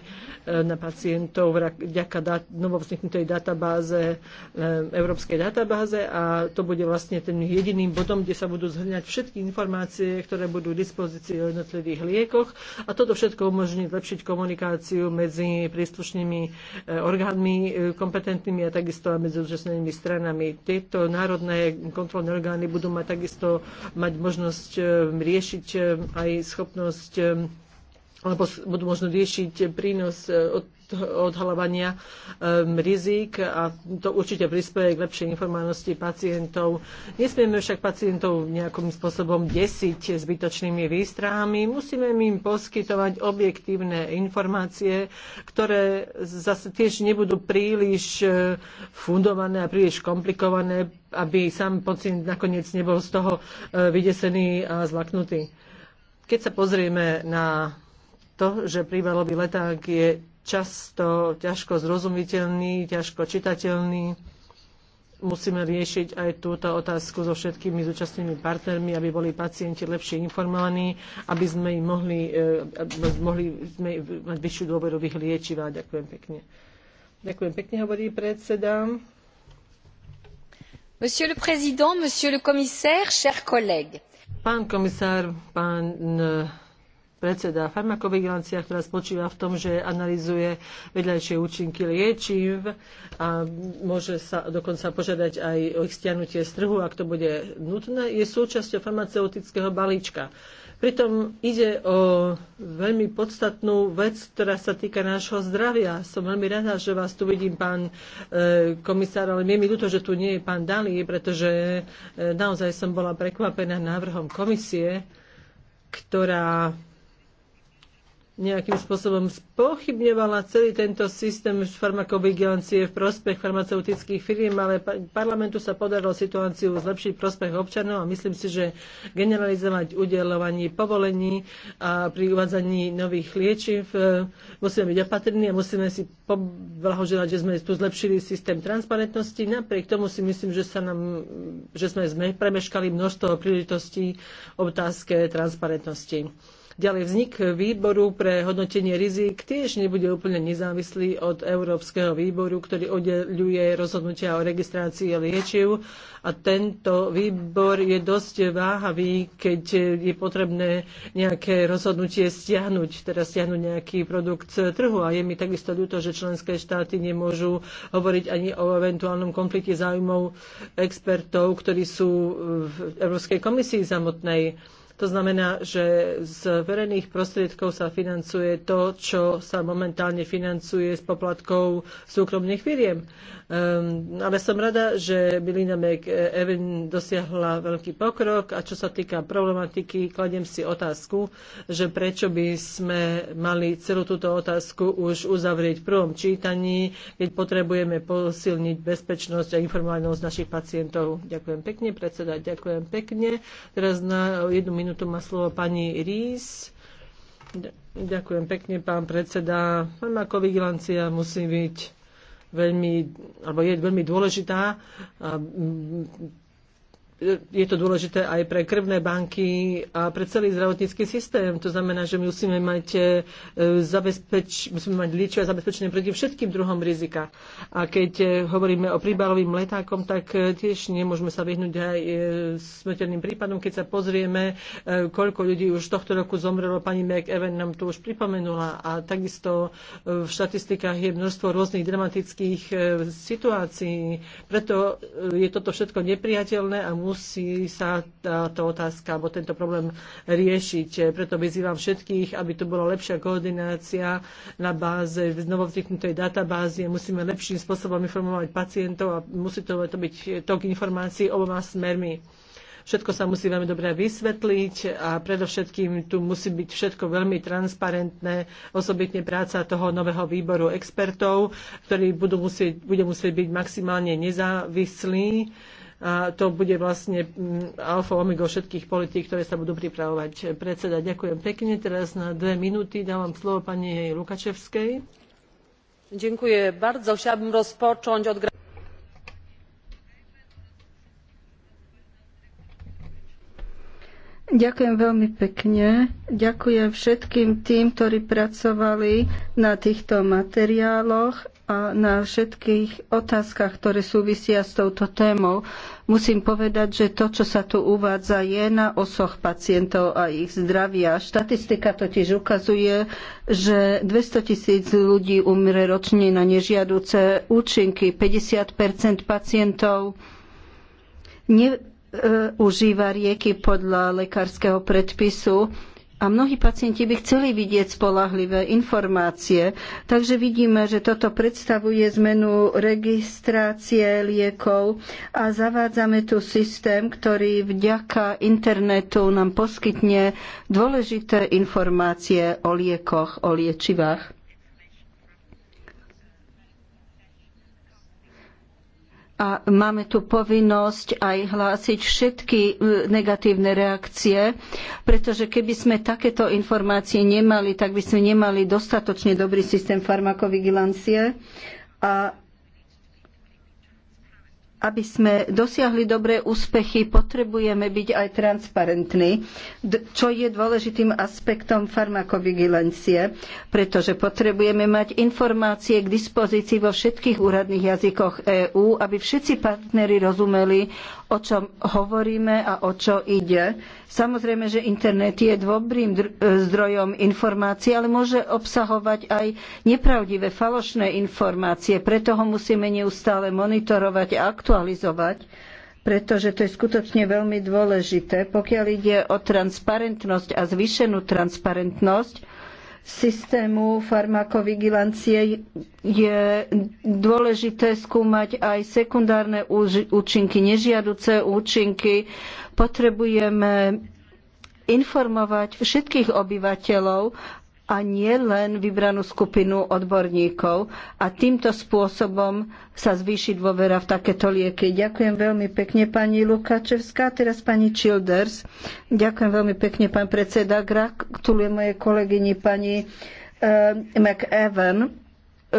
na pacientov vďaka dat, novovzniknutej databáze, e, európskej databáze a to bude vlastne ten jediným bodom, kde sa budú zhrňať všetky informácie, ktoré budú v dispozícii o jednotlivých liekoch a toto všetko umožní zlepšiť komunikáciu medzi príslušnými e, orgánmi e, kompetentnými a takisto aj medzi účastnenými stranami. Tieto národné kontrolné orgány budú mať takisto mať možnosť e, riešiť aj schopnosť alebo budú možno riešiť prínos od odhalovania um, rizik a to určite prispieje k lepšej informovanosti pacientov. Nesmieme však pacientov nejakým spôsobom desiť zbytočnými výstrahami. Musíme im poskytovať objektívne informácie, ktoré zase tiež nebudú príliš e, fundované a príliš komplikované, aby sám pacient nakoniec nebol z toho e, vydesený a zlaknutý. Keď sa pozrieme na to, že prívalový leták je často ťažko zrozumiteľný, ťažko čitateľný. Musíme riešiť aj túto otázku so všetkými zúčastnými partnermi, aby boli pacienti lepšie informovaní, aby sme im mohli, e, aby mohli sme mať vyššiu dôveru v ich liečivá. Ďakujem pekne. Ďakujem pekne, hovorí predseda. Monsieur le Président, Monsieur le Commissaire, chers collègues. Pán komisár, pán predseda farmakovigilancia, ktorá spočíva v tom, že analizuje vedľajšie účinky liečiv a môže sa dokonca požiadať aj o ich stiahnutie z trhu, ak to bude nutné, je súčasťou farmaceutického balíčka. Pritom ide o veľmi podstatnú vec, ktorá sa týka nášho zdravia. Som veľmi rada, že vás tu vidím, pán e, komisár, ale je mi ľúto, že tu nie je pán Dali, pretože e, naozaj som bola prekvapená návrhom komisie, ktorá nejakým spôsobom spochybňovala celý tento systém farmakovigilancie v prospech farmaceutických firiem, ale parlamentu sa podarilo situáciu zlepšiť prospech občanov a myslím si, že generalizovať udelovanie povolení a pri uvádzaní nových liečiv e, musíme byť opatrní a musíme si poblahoželať, že sme tu zlepšili systém transparentnosti. Napriek tomu si myslím, že, sa nám, že sme premeškali množstvo príležitostí otázke transparentnosti. Ďalej vznik výboru pre hodnotenie rizik tiež nebude úplne nezávislý od Európskeho výboru, ktorý oddeluje rozhodnutia o registrácii liečiv. A tento výbor je dosť váhavý, keď je potrebné nejaké rozhodnutie stiahnuť, teda stiahnuť nejaký produkt z trhu. A je mi takisto ľúto, že členské štáty nemôžu hovoriť ani o eventuálnom konflikte záujmov expertov, ktorí sú v Európskej komisii samotnej. To znamená, že z verejných prostriedkov sa financuje to, čo sa momentálne financuje z poplatkov súkromných firiem. Um, ale som rada, že Milina McEwen dosiahla veľký pokrok a čo sa týka problematiky, kladem si otázku, že prečo by sme mali celú túto otázku už uzavrieť v prvom čítaní, keď potrebujeme posilniť bezpečnosť a informovanosť našich pacientov. Ďakujem pekne, predseda, ďakujem pekne. Teraz na jednu minútu minútu má slovo pani Rís. Ďakujem pekne, pán predseda. Farmakovigilancia musí byť veľmi, alebo je veľmi dôležitá. A je to dôležité aj pre krvné banky a pre celý zdravotnícky systém. To znamená, že my musíme mať, e, zabezpeč, musíme mať liečivé zabezpečenie proti všetkým druhom rizika. A keď e, hovoríme o príbalovým letákom, tak e, tiež nemôžeme sa vyhnúť aj smrteľným prípadom. Keď sa pozrieme, koľko ľudí už tohto roku zomrelo, pani Even nám to už pripomenula a takisto v štatistikách je množstvo rôznych dramatických situácií. Preto je toto všetko nepriateľné a musí sa táto otázka alebo tento problém riešiť. Preto vyzývam všetkých, aby tu bola lepšia koordinácia na báze novovzniknutej databázy. Musíme lepším spôsobom informovať pacientov a musí to, to byť tok informácií oboma smermi všetko sa musí veľmi dobre vysvetliť a predovšetkým tu musí byť všetko veľmi transparentné, osobitne práca toho nového výboru expertov, ktorí budú musieť, bude musieť byť maximálne nezávislí a to bude vlastne mm, alfa omega všetkých politík, ktoré sa budú pripravovať. Predseda, ďakujem pekne. Teraz na dve minúty dávam slovo pani Lukačevskej. Ďakujem bardzo. Chciałabym rozpocząć od... Ďakujem veľmi pekne. Ďakujem všetkým tým, ktorí pracovali na týchto materiáloch a na všetkých otázkach, ktoré súvisia s touto témou. Musím povedať, že to, čo sa tu uvádza, je na osoch pacientov a ich zdravia. Štatistika totiž ukazuje, že 200 tisíc ľudí umre ročne na nežiaduce účinky. 50 pacientov neužíva e, rieky podľa lekárskeho predpisu a mnohí pacienti by chceli vidieť spolahlivé informácie. Takže vidíme, že toto predstavuje zmenu registrácie liekov a zavádzame tu systém, ktorý vďaka internetu nám poskytne dôležité informácie o liekoch, o liečivách. a máme tu povinnosť aj hlásiť všetky e, negatívne reakcie, pretože keby sme takéto informácie nemali, tak by sme nemali dostatočne dobrý systém farmakovigilancie a aby sme dosiahli dobré úspechy, potrebujeme byť aj transparentní, čo je dôležitým aspektom farmakovigilancie, pretože potrebujeme mať informácie k dispozícii vo všetkých úradných jazykoch EÚ, aby všetci partneri rozumeli, o čom hovoríme a o čo ide Samozrejme, že internet je dobrým e, zdrojom informácií, ale môže obsahovať aj nepravdivé, falošné informácie. Preto ho musíme neustále monitorovať a aktualizovať pretože to je skutočne veľmi dôležité. Pokiaľ ide o transparentnosť a zvýšenú transparentnosť, systému farmakovigilancie je dôležité skúmať aj sekundárne účinky, nežiaduce účinky. Potrebujeme informovať všetkých obyvateľov a nie len vybranú skupinu odborníkov. A týmto spôsobom sa zvýši dôvera v takéto lieky. Ďakujem veľmi pekne pani Lukačevská, teraz pani Childers. Ďakujem veľmi pekne pán predseda. je mojej kolegyni pani eh, McEwan eh,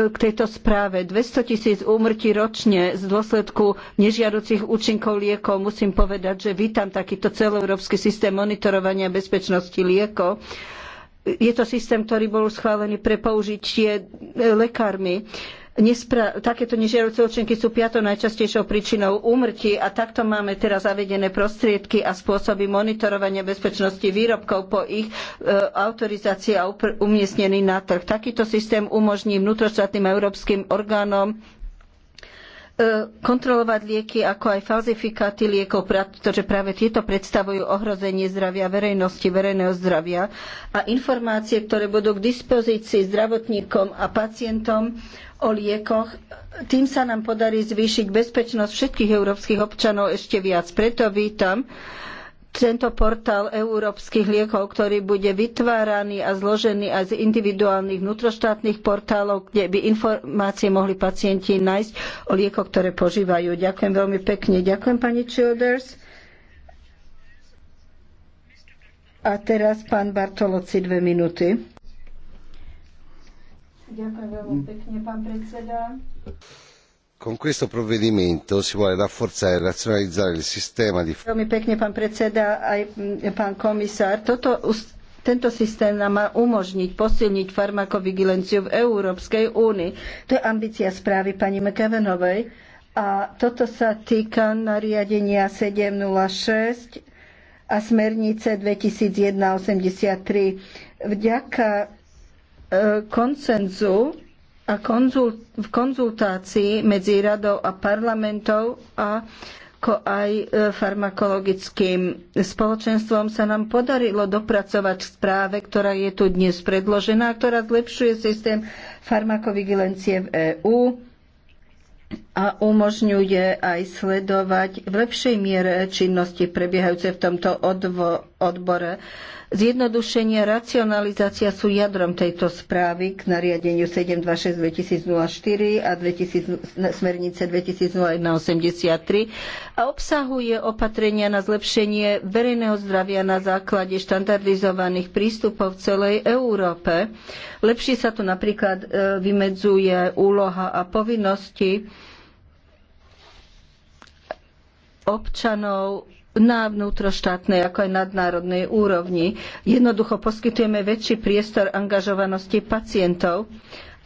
k tejto správe. 200 tisíc úmrtí ročne z dôsledku nežiaducich účinkov liekov. Musím povedať, že vítam takýto celoeurópsky systém monitorovania bezpečnosti liekov je to systém, ktorý bol schválený pre použitie lekármi. Nespra- takéto nežiaruce účinky sú piatou najčastejšou príčinou úmrtí a takto máme teraz zavedené prostriedky a spôsoby monitorovania bezpečnosti výrobkov po ich e, autorizácii a umiestnení na trh. Takýto systém umožní vnútroštátnym európskym orgánom E, kontrolovať lieky ako aj falzifikáty liekov, pretože práve tieto predstavujú ohrozenie zdravia verejnosti, verejného zdravia a informácie, ktoré budú k dispozícii zdravotníkom a pacientom o liekoch, tým sa nám podarí zvýšiť bezpečnosť všetkých európskych občanov ešte viac. Preto vítam tento portál európskych liekov, ktorý bude vytváraný a zložený aj z individuálnych vnútroštátnych portálov, kde by informácie mohli pacienti nájsť o liekoch, ktoré požívajú. Ďakujem veľmi pekne. Ďakujem pani Childers. A teraz pán Bartoloci dve minúty. Ďakujem veľmi pekne, pán predseda con questo provvedimento si vuole rafforzare e razionalizzare il sistema di. veľmi pekne pán predseda aj mm, pán komisár toto tento systém nám má umožniť posilniť farmakovigilenciu v Európskej únii. To je ambícia správy pani McEvenovej. A toto sa týka nariadenia 706 a smernice 2001-83. Vďaka e, koncenzu a konzult, v konzultácii medzi radou a parlamentov a ako aj e, farmakologickým spoločenstvom sa nám podarilo dopracovať k správe, ktorá je tu dnes predložená, ktorá zlepšuje systém farmakovigilencie v EÚ a umožňuje aj sledovať v lepšej miere činnosti prebiehajúce v tomto odvo- odbore. Zjednodušenie a racionalizácia sú jadrom tejto správy k nariadeniu 726-2004 a 2000, smernice 2001-83 a obsahuje opatrenia na zlepšenie verejného zdravia na základe štandardizovaných prístupov v celej Európe. Lepšie sa tu napríklad e, vymedzuje úloha a povinnosti občanov na vnútroštátnej ako aj nadnárodnej úrovni. Jednoducho poskytujeme väčší priestor angažovanosti pacientov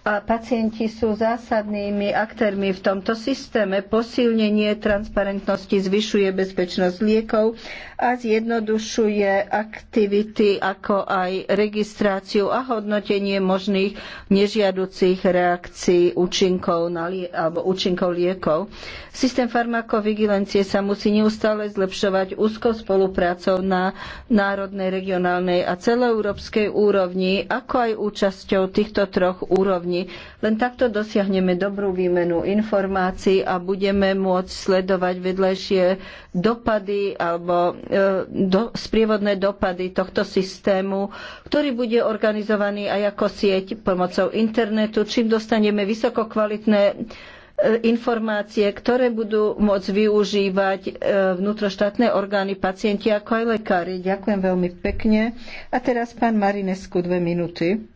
a pacienti sú zásadnými aktérmi v tomto systéme. Posilnenie transparentnosti zvyšuje bezpečnosť liekov a zjednodušuje aktivity ako aj registráciu a hodnotenie možných nežiaducich reakcií účinkov, na lie- alebo účinkov liekov. Systém farmakovigilencie sa musí neustále zlepšovať úzkou spoluprácou na národnej, regionálnej a celoeurópskej úrovni, ako aj účasťou týchto troch úrovní len takto dosiahneme dobrú výmenu informácií a budeme môcť sledovať vedlejšie dopady alebo e, do, sprievodné dopady tohto systému, ktorý bude organizovaný aj ako sieť pomocou internetu, čím dostaneme vysokokvalitné e, informácie, ktoré budú môcť využívať e, vnútroštátne orgány pacienti ako aj lekári. Ďakujem veľmi pekne. A teraz pán Marinesku dve minúty.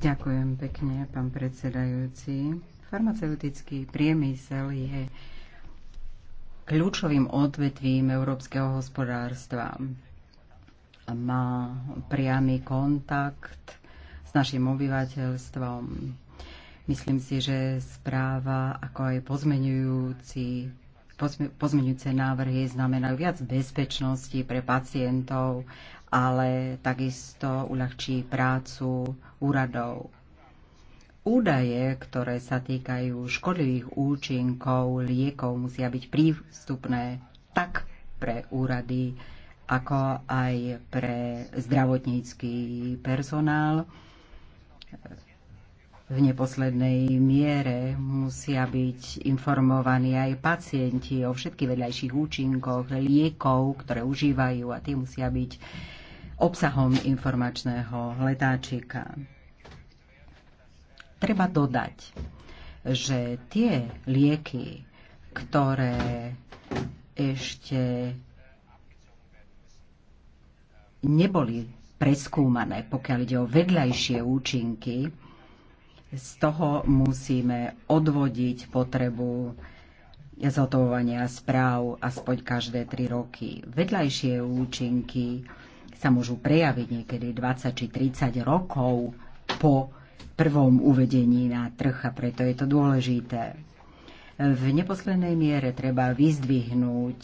Ďakujem pekne, pán predsedajúci. Farmaceutický priemysel je kľúčovým odvetvím európskeho hospodárstva. Má priamy kontakt s našim obyvateľstvom. Myslím si, že správa, ako aj pozmenujúci pozmeňujúce návrhy znamenajú viac bezpečnosti pre pacientov ale takisto uľahčí prácu úradov. Údaje, ktoré sa týkajú škodlivých účinkov liekov, musia byť prístupné tak pre úrady, ako aj pre zdravotnícky personál. V neposlednej miere musia byť informovaní aj pacienti o všetkých vedľajších účinkoch liekov, ktoré užívajú a tie musia byť obsahom informačného letáčika. Treba dodať, že tie lieky, ktoré ešte neboli preskúmané, pokiaľ ide o vedľajšie účinky, z toho musíme odvodiť potrebu zhotovovania správ aspoň každé tri roky. Vedľajšie účinky sa môžu prejaviť niekedy 20 či 30 rokov po prvom uvedení na trh a preto je to dôležité. V neposlednej miere treba vyzdvihnúť,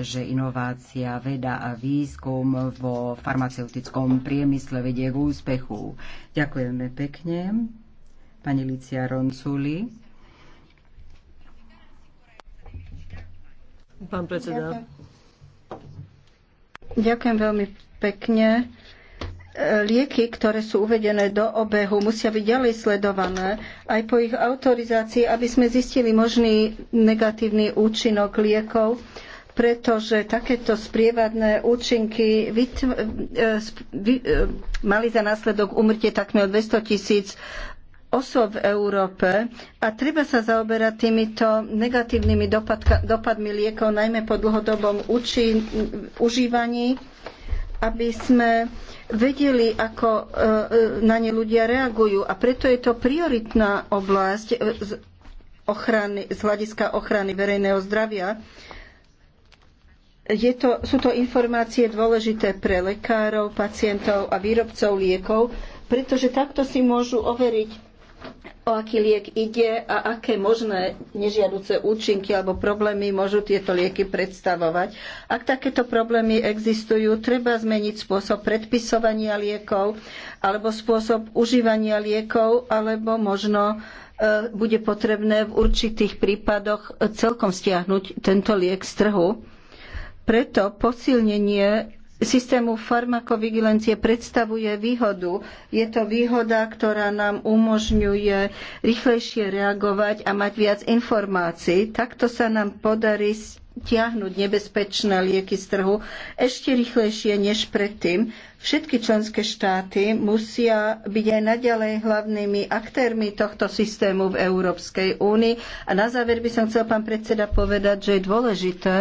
že inovácia, veda a výskum vo farmaceutickom priemysle vedie k úspechu. Ďakujeme pekne, pani Licia Ronculi. Pán predseda. Ďakujem veľmi pekne. E, lieky, ktoré sú uvedené do obehu, musia byť ďalej sledované aj po ich autorizácii, aby sme zistili možný negatívny účinok liekov, pretože takéto sprievadné účinky e, e, mali za následok umrtie takmer 200 tisíc osob v Európe a treba sa zaoberať týmito negatívnymi dopadka, dopadmi liekov, najmä po dlhodobom uči, užívaní aby sme vedeli, ako e, na ne ľudia reagujú. A preto je to prioritná oblasť e, z, ochrany, z hľadiska ochrany verejného zdravia. Je to, sú to informácie dôležité pre lekárov, pacientov a výrobcov liekov, pretože takto si môžu overiť o aký liek ide a aké možné nežiaduce účinky alebo problémy môžu tieto lieky predstavovať. Ak takéto problémy existujú, treba zmeniť spôsob predpisovania liekov alebo spôsob užívania liekov alebo možno e, bude potrebné v určitých prípadoch celkom stiahnuť tento liek z trhu. Preto posilnenie systému farmakovigilencie predstavuje výhodu. Je to výhoda, ktorá nám umožňuje rýchlejšie reagovať a mať viac informácií. Takto sa nám podarí tiahnuť nebezpečné lieky z trhu ešte rýchlejšie než predtým. Všetky členské štáty musia byť aj naďalej hlavnými aktérmi tohto systému v Európskej únii. A na záver by som chcel pán predseda povedať, že je dôležité,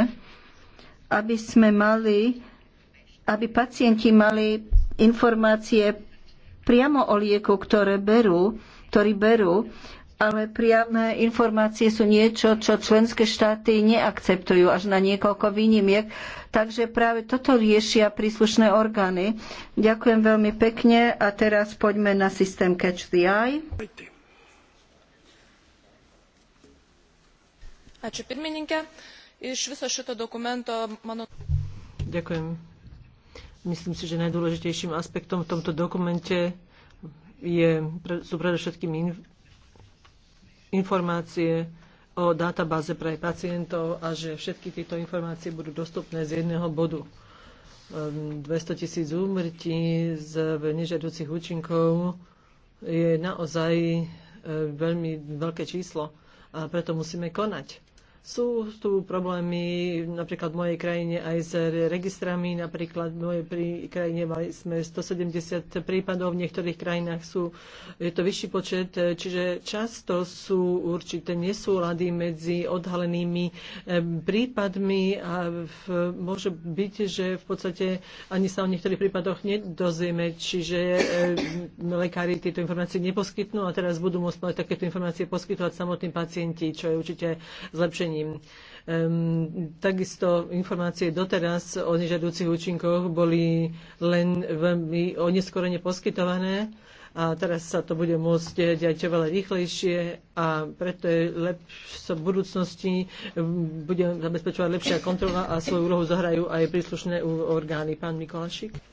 aby sme mali aby pacienti mali informácie priamo o lieku, ktoré berú, ktorý berú, ale priame informácie sú niečo, čo členské štáty neakceptujú až na niekoľko výnimiek. Takže práve toto riešia príslušné orgány. Ďakujem veľmi pekne a teraz poďme na systém Catch the Eye. Ačiū pirmininkė. Iš viso šito dokumento, mano... Ďakujem Myslím si, že najdôležitejším aspektom v tomto dokumente je, sú predovšetkým in, informácie o databáze pre pacientov a že všetky tieto informácie budú dostupné z jedného bodu. 200 ehm, tisíc úmrtí z nežiaducich účinkov je naozaj e, veľmi veľké číslo a preto musíme konať. Sú tu problémy napríklad v mojej krajine aj s registrami. Napríklad v mojej krajine mali sme 170 prípadov, v niektorých krajinách sú, je to vyšší počet, čiže často sú určité nesúlady medzi odhalenými prípadmi a v, môže byť, že v podstate ani sa o niektorých prípadoch nedozvieme, čiže lekári tieto informácie neposkytnú a teraz budú môcť takéto informácie poskytovať samotní pacienti, čo je určite zlepšenie označením. Um, takisto informácie doteraz o nežadúcich účinkoch boli len veľmi oneskorene poskytované a teraz sa to bude môcť diať oveľa rýchlejšie a preto je lepšie v budúcnosti bude zabezpečovať lepšia kontrola a svoju úlohu zahrajú aj príslušné orgány. Pán Mikolašik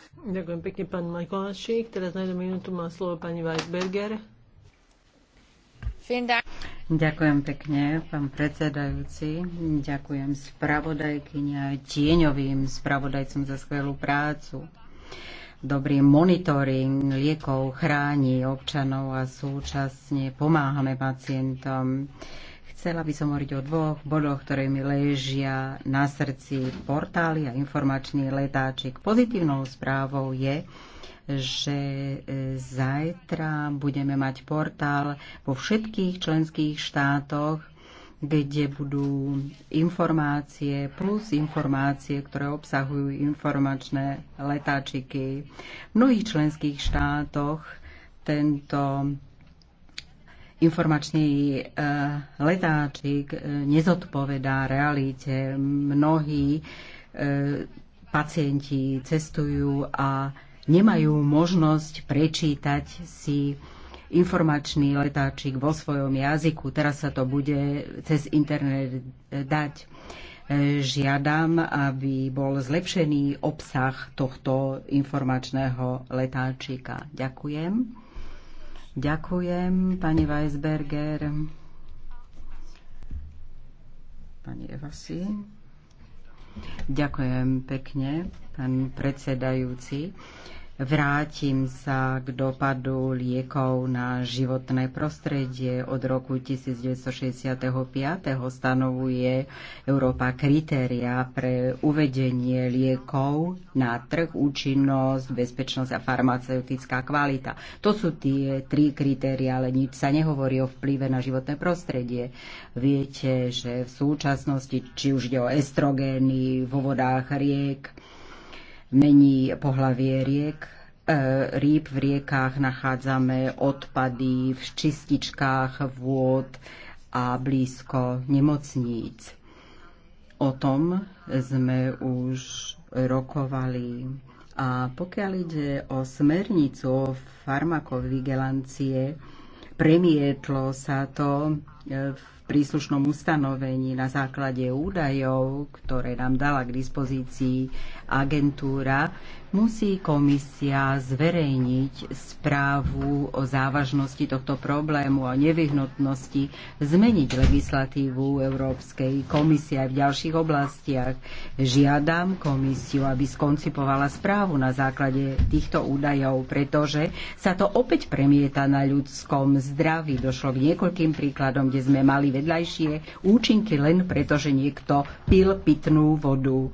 Ďakujem pekne, pán Majkolášik. Teraz na jednu minútu má slovo pani Weisberger. Ďakujem pekne, pán predsedajúci. Ďakujem spravodajkyni a tieňovým spravodajcom za skvelú prácu. Dobrý monitoring liekov chráni občanov a súčasne pomáhame pacientom. Chcela by som hovoriť o dvoch bodoch, ktoré mi ležia na srdci portály a informačný letáčik. Pozitívnou správou je, že e, zajtra budeme mať portál vo všetkých členských štátoch, kde budú informácie plus informácie, ktoré obsahujú informačné letáčiky. V mnohých členských štátoch tento informačný eh, letáčik eh, nezodpovedá realite. Mnohí eh, pacienti cestujú a nemajú možnosť prečítať si informačný letáčik vo svojom jazyku. Teraz sa to bude cez internet dať. Žiadam, aby bol zlepšený obsah tohto informačného letáčika. Ďakujem. Ďakujem, pani Weisberger. Pani Evasi. Ďakujem pekne, pán predsedajúci. Vrátim sa k dopadu liekov na životné prostredie. Od roku 1965. stanovuje Európa kritéria pre uvedenie liekov na trh, účinnosť, bezpečnosť a farmaceutická kvalita. To sú tie tri kritéria, ale nič sa nehovorí o vplyve na životné prostredie. Viete, že v súčasnosti, či už ide o estrogény vo vodách riek, mení pohlavie riek, e, rýb v riekách nachádzame odpady v čističkách vôd a blízko nemocníc. O tom sme už rokovali. A pokiaľ ide o smernicu farmakovigilancie, premietlo sa to e, v príslušnom ustanovení na základe údajov, ktoré nám dala k dispozícii agentúra, musí komisia zverejniť správu o závažnosti tohto problému a nevyhnutnosti zmeniť legislatívu Európskej komisie aj v ďalších oblastiach. Žiadam komisiu, aby skoncipovala správu na základe týchto údajov, pretože sa to opäť premieta na ľudskom zdraví. Došlo k niekoľkým príkladom, kde sme mali vedľajšie účinky len preto, že niekto pil pitnú vodu.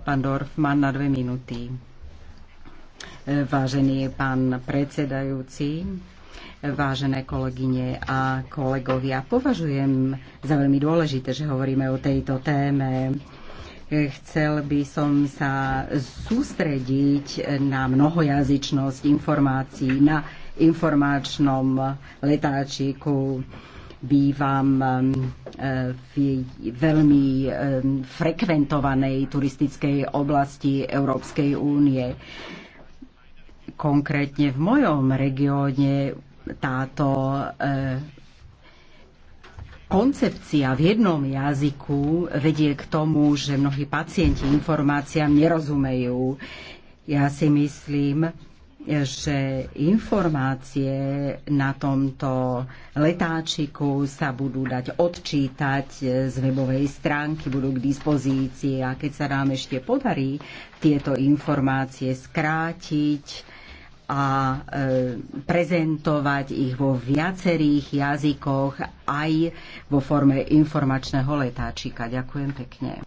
Pán Dorfman na dve minúty. Vážený pán predsedajúci, vážené kolegyne a kolegovia, považujem za veľmi dôležité, že hovoríme o tejto téme chcel by som sa sústrediť na mnohojazyčnosť informácií, na informačnom letáčiku bývam um, v veľmi um, frekventovanej turistickej oblasti Európskej únie. Konkrétne v mojom regióne táto uh, koncepcia v jednom jazyku vedie k tomu, že mnohí pacienti informáciám nerozumejú. Ja si myslím, že informácie na tomto letáčiku sa budú dať odčítať z webovej stránky, budú k dispozícii a keď sa nám ešte podarí tieto informácie skrátiť, a e, prezentovať ich vo viacerých jazykoch aj vo forme informačného letáčika. Ďakujem pekne.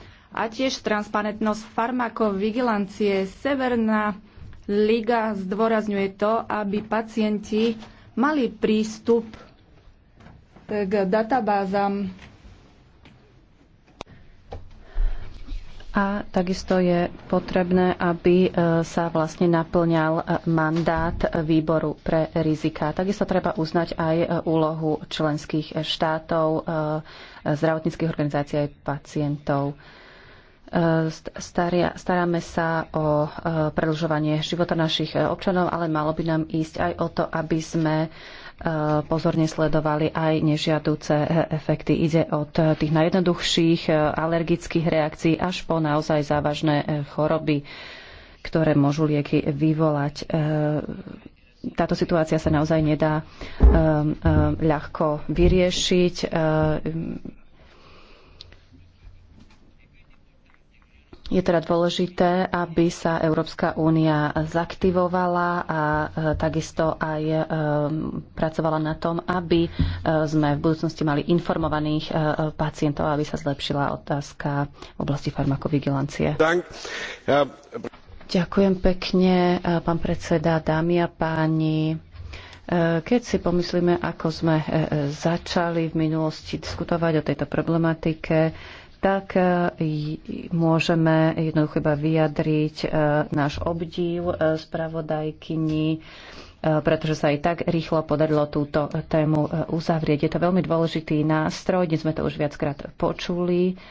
a tiež transparentnosť farmakovigilancie. Severná liga zdôrazňuje to, aby pacienti mali prístup k databázam. A takisto je potrebné, aby e, sa vlastne naplňal e, mandát výboru pre rizika. Takisto treba uznať aj e, úlohu členských štátov, zdravotníckých organizácií aj pacientov. E, staria, staráme sa o e, predlžovanie života našich e, občanov, ale malo by nám ísť aj o to, aby sme pozorne sledovali aj nežiaduce efekty. Ide od tých najjednoduchších alergických reakcií až po naozaj závažné choroby, ktoré môžu lieky vyvolať. Táto situácia sa naozaj nedá ľahko vyriešiť Je teda dôležité, aby sa Európska únia zaktivovala a e, takisto aj e, pracovala na tom, aby e, sme v budúcnosti mali informovaných pacientov, aby sa zlepšila otázka v oblasti farmakovigilancie. Ďakujem pekne, pán predseda, dámy a páni. Keď si pomyslíme, ako sme začali v minulosti diskutovať o tejto problematike, tak e, môžeme jednoducho iba vyjadriť e, náš obdiv e, spravodajkyni, pretože sa aj tak rýchlo podarilo túto tému uzavrieť. Je to veľmi dôležitý nástroj, dnes sme to už viackrát počuli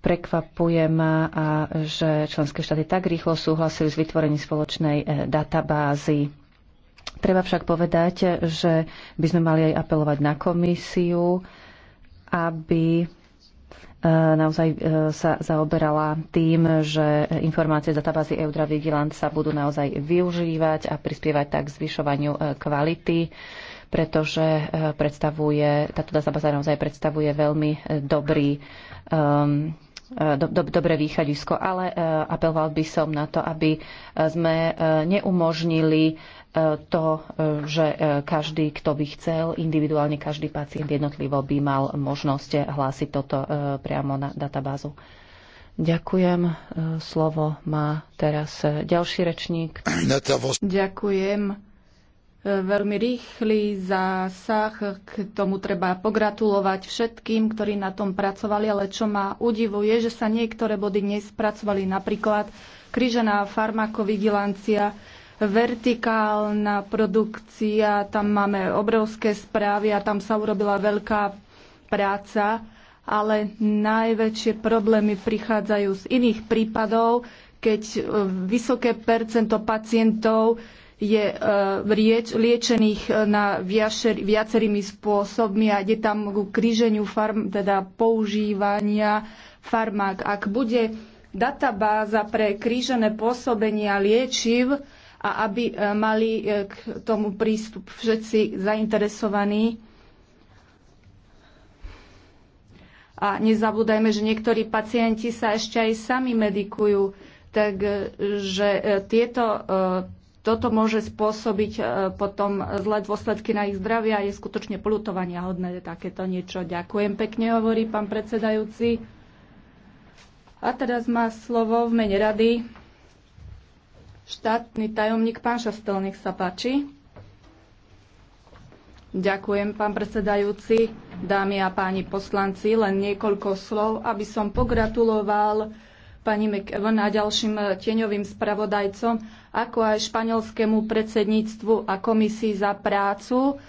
prekvapuje ma, a že členské štáty tak rýchlo súhlasili s vytvorením spoločnej databázy. Treba však povedať, že by sme mali aj apelovať na komisiu, aby e, naozaj e, sa zaoberala tým, že informácie z databázy Eudra Vigilant sa budú naozaj využívať a prispievať tak k zvyšovaniu e, kvality pretože predstavuje, táto databáza naozaj predstavuje veľmi dobrý, um, do, do, dobré východisko, ale apeloval by som na to, aby sme neumožnili to, že e, každý, kto by chcel, individuálne každý pacient jednotlivo by mal možnosť hlásiť toto e, priamo na databázu. Ďakujem. E, slovo má teraz ďalší rečník. Ďakujem. Veľmi rýchly zásah. K tomu treba pogratulovať všetkým, ktorí na tom pracovali, ale čo ma udivuje, že sa niektoré body nespracovali, napríklad krížená farmakovigilancia, vertikálna produkcia, tam máme obrovské správy a tam sa urobila veľká práca, ale najväčšie problémy prichádzajú z iných prípadov, keď e, vysoké percento pacientov je e, liečených e, na viacerými spôsobmi a ide tam ku kríženiu farm, teda používania farmák. Ak bude databáza pre krížené pôsobenia liečiv, a aby e, mali e, k tomu prístup všetci zainteresovaní. A nezabúdajme, že niektorí pacienti sa ešte aj sami medikujú, takže e, tieto, toto môže spôsobiť potom zlé dôsledky na ich zdravie a je skutočne polutovania hodné takéto niečo. Ďakujem pekne, hovorí pán predsedajúci. A teraz má slovo v mene rady štátny tajomník pán Šastel, nech sa páči. Ďakujem, pán predsedajúci, dámy a páni poslanci. Len niekoľko slov, aby som pogratuloval pani McEwan a ďalším tieňovým spravodajcom, ako aj španielskému predsedníctvu a komisii za prácu,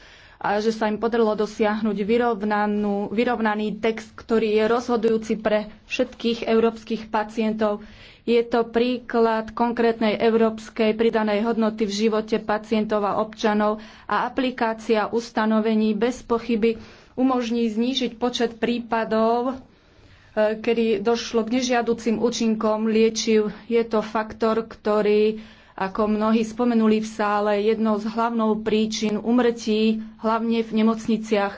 a že sa im podarilo dosiahnuť vyrovnanú, vyrovnaný text, ktorý je rozhodujúci pre všetkých európskych pacientov. Je to príklad konkrétnej európskej pridanej hodnoty v živote pacientov a občanov a aplikácia ustanovení bez pochyby umožní znížiť počet prípadov, e, kedy došlo k nežiaducim účinkom liečiv. Je to faktor, ktorý ako mnohí spomenuli v sále, jednou z hlavnou príčin umrtí, hlavne v nemocniciach.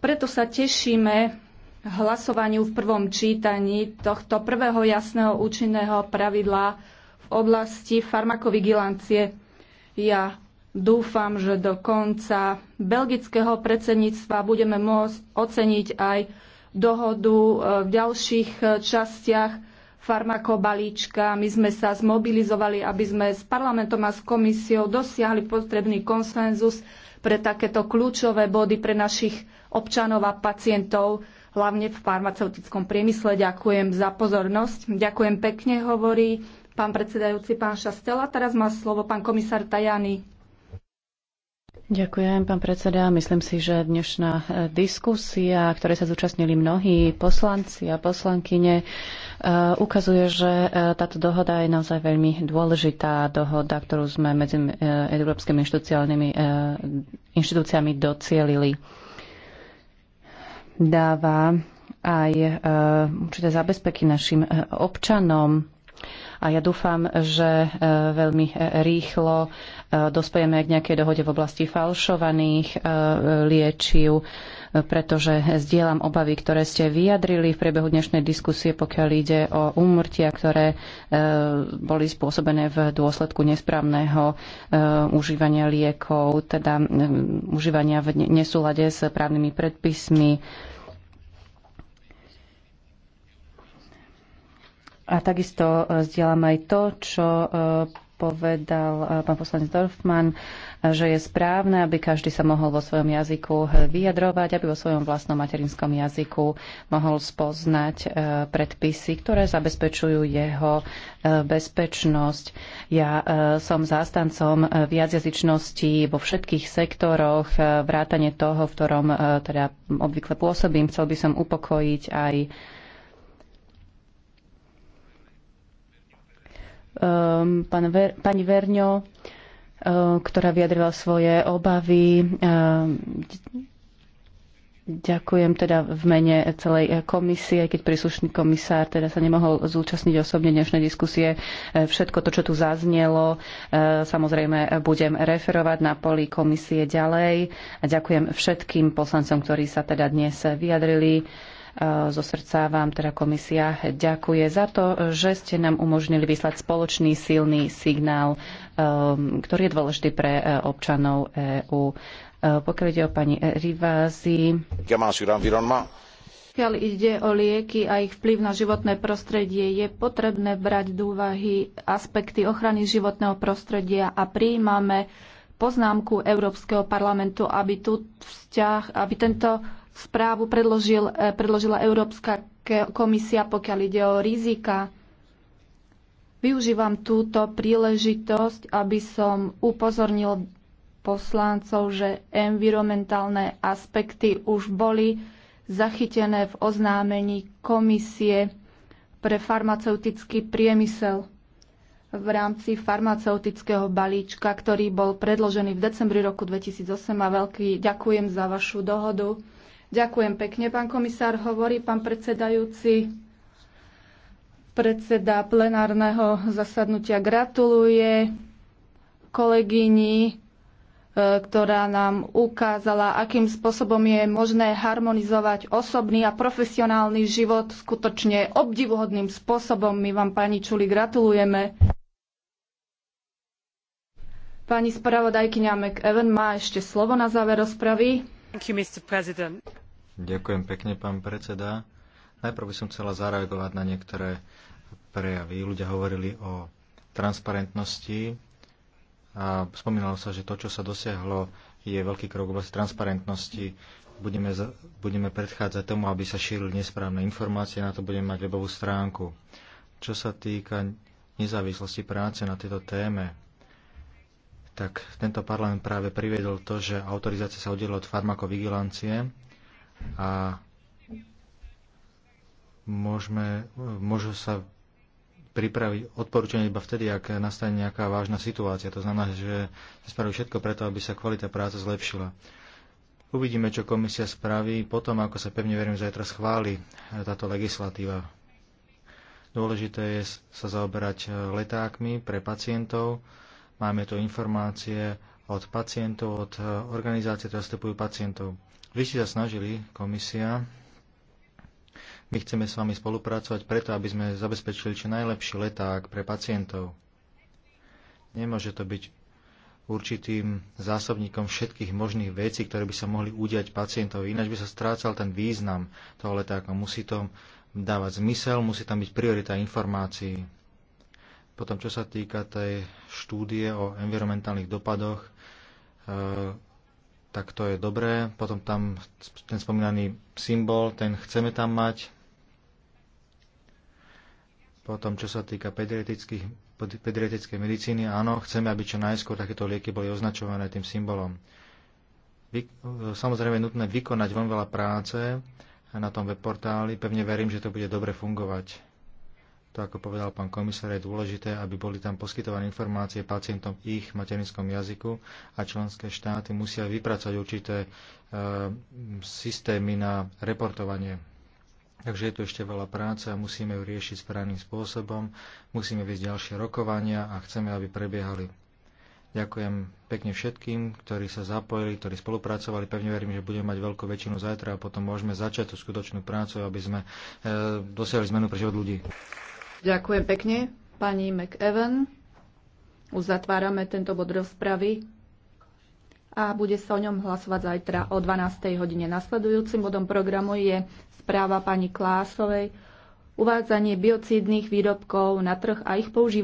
Preto sa tešíme hlasovaniu v prvom čítaní tohto prvého jasného účinného pravidla v oblasti farmakovigilancie. Ja dúfam, že do konca belgického predsedníctva budeme môcť oceniť aj dohodu eh, v ďalších eh, častiach farmakobalíčka. My sme sa zmobilizovali, aby sme s parlamentom a s komisiou dosiahli potrebný konsenzus pre takéto kľúčové body pre našich občanov a pacientov, hlavne v farmaceutickom priemysle. Ďakujem za pozornosť. Ďakujem pekne, hovorí pán predsedajúci, pán Šastela. Teraz má slovo pán komisár Tajani. Ďakujem, pán predseda. Myslím si, že dnešná e, diskusia, ktoré sa zúčastnili mnohí poslanci a poslankyne, e, ukazuje, že e, táto dohoda je naozaj veľmi dôležitá dohoda, ktorú sme medzi európskymi inštitúciálnymi inštitúciami docielili. Dáva aj určité zabezpeky našim občanom, a ja dúfam, že e, veľmi e, rýchlo e, dospejeme k nejakej dohode v oblasti falšovaných liečiv, pretože zdieľam obavy, ktoré ste vyjadrili v priebehu dnešnej diskusie, pokiaľ ide o úmrtia, ktoré boli spôsobené v dôsledku nesprávneho užívania liekov, teda užívania v nesúlade s právnymi predpismi A takisto e, zdieľam aj to, čo e, povedal e, pán poslanec Dorfman, že je správne, aby každý sa mohol vo svojom jazyku vyjadrovať, aby vo svojom vlastnom materinskom jazyku mohol spoznať predpisy, ktoré zabezpečujú jeho bezpečnosť. Ja som zástancom viacjazyčnosti vo všetkých sektoroch, vrátane toho, v ktorom teda obvykle pôsobím. Chcel by som upokojiť aj Um, pán Ver, pani Verňo, uh, ktorá vyjadrila svoje obavy. Um, ďakujem teda v mene celej komisie, keď príslušný komisár teda sa nemohol zúčastniť osobne dnešnej diskusie. Uh, všetko to, čo tu zaznelo, uh, samozrejme budem referovať na poli komisie ďalej. A ďakujem všetkým poslancom, ktorí sa teda dnes vyjadrili. Eh, zo srdca vám teda komisia ďakuje za to, že ste nám umožnili vyslať spoločný silný signál, eh, ktorý je dôležitý pre eh, občanov EÚ. Pokiaľ ide o pani Rivázi. Pokiaľ ide o lieky a ich vplyv na životné prostredie, je potrebné brať do úvahy aspekty ochrany životného prostredia a prijímame poznámku Európskeho parlamentu, aby, tu vzťah, aby tento správu predložil, e, predložila Európska komisia, pokiaľ ide o rizika. Využívam túto príležitosť, aby som upozornil poslancov, že environmentálne aspekty už boli zachytené v oznámení komisie pre farmaceutický priemysel v rámci farmaceutického balíčka, ktorý bol predložený v decembri roku 2008 a veľký ďakujem za vašu dohodu Ďakujem pekne, pán komisár, hovorí pán predsedajúci. Predseda plenárneho zasadnutia gratuluje kolegyni, e, ktorá nám ukázala, akým spôsobom je možné harmonizovať osobný a profesionálny život skutočne obdivuhodným spôsobom. My vám, pani Čuli, gratulujeme. Pani spravodajkyňa McEwen má ešte slovo na záver rozpravy. Ďakujem pekne, pán predseda. Najprv by som chcela zareagovať na niektoré prejavy. Ľudia hovorili o transparentnosti a spomínalo sa, že to, čo sa dosiahlo, je veľký krok v transparentnosti. Budeme, budeme predchádzať tomu, aby sa šírili nesprávne informácie, na to budeme mať webovú stránku. Čo sa týka nezávislosti práce na tejto téme, tak tento parlament práve priviedol to, že autorizácia sa oddelila od farmakovigilancie a môžeme, môžu sa pripraviť odporúčanie iba vtedy, ak nastane nejaká vážna situácia. To znamená, že sa spraví všetko preto, aby sa kvalita práce zlepšila. Uvidíme, čo komisia spraví potom, ako sa pevne verím zajtra schváli táto legislatíva. Dôležité je sa zaoberať letákmi pre pacientov, Máme tu informácie od pacientov, od eh, organizácie, ktoré zastupujú pacientov. Vy ste sa snažili, komisia, my chceme s vami spolupracovať preto, aby sme zabezpečili čo najlepší leták pre pacientov. Nemôže to byť určitým zásobníkom všetkých možných vecí, ktoré by sa mohli udiať pacientovi. Ináč by sa strácal ten význam toho letáka. Musí to dávať zmysel, musí tam byť priorita informácií. Potom, čo sa týka tej štúdie o environmentálnych dopadoch, e, tak to je dobré. Potom tam ten spomínaný symbol, ten chceme tam mať. Potom, čo sa týka pediatrickej medicíny, áno, chceme, aby čo najskôr takéto lieky boli označované tým symbolom. Vy, e, samozrejme je nutné vykonať veľmi veľa práce na tom web portáli. Pevne verím, že to bude dobre fungovať. To, ako povedal pán komisár, je dôležité, aby boli tam poskytované informácie pacientom v ich materinskom jazyku a členské štáty musia vypracovať určité e, systémy na reportovanie. Takže je tu ešte veľa práce a musíme ju riešiť správnym spôsobom, musíme viesť ďalšie rokovania a chceme, aby prebiehali Ďakujem pekne všetkým, ktorí sa zapojili, ktorí spolupracovali. Pevne verím, že budeme mať veľkú väčšinu zajtra a potom môžeme začať tú skutočnú prácu, aby sme e, dosiahli zmenu pre život ľudí. Ďakujem pekne, pani McEwen. Uzatvárame tento bod rozpravy a bude sa o ňom hlasovať zajtra o 12. hodine. Nasledujúcim bodom programu je správa pani Klásovej uvádzanie biocídnych výrobkov na trh a ich používanie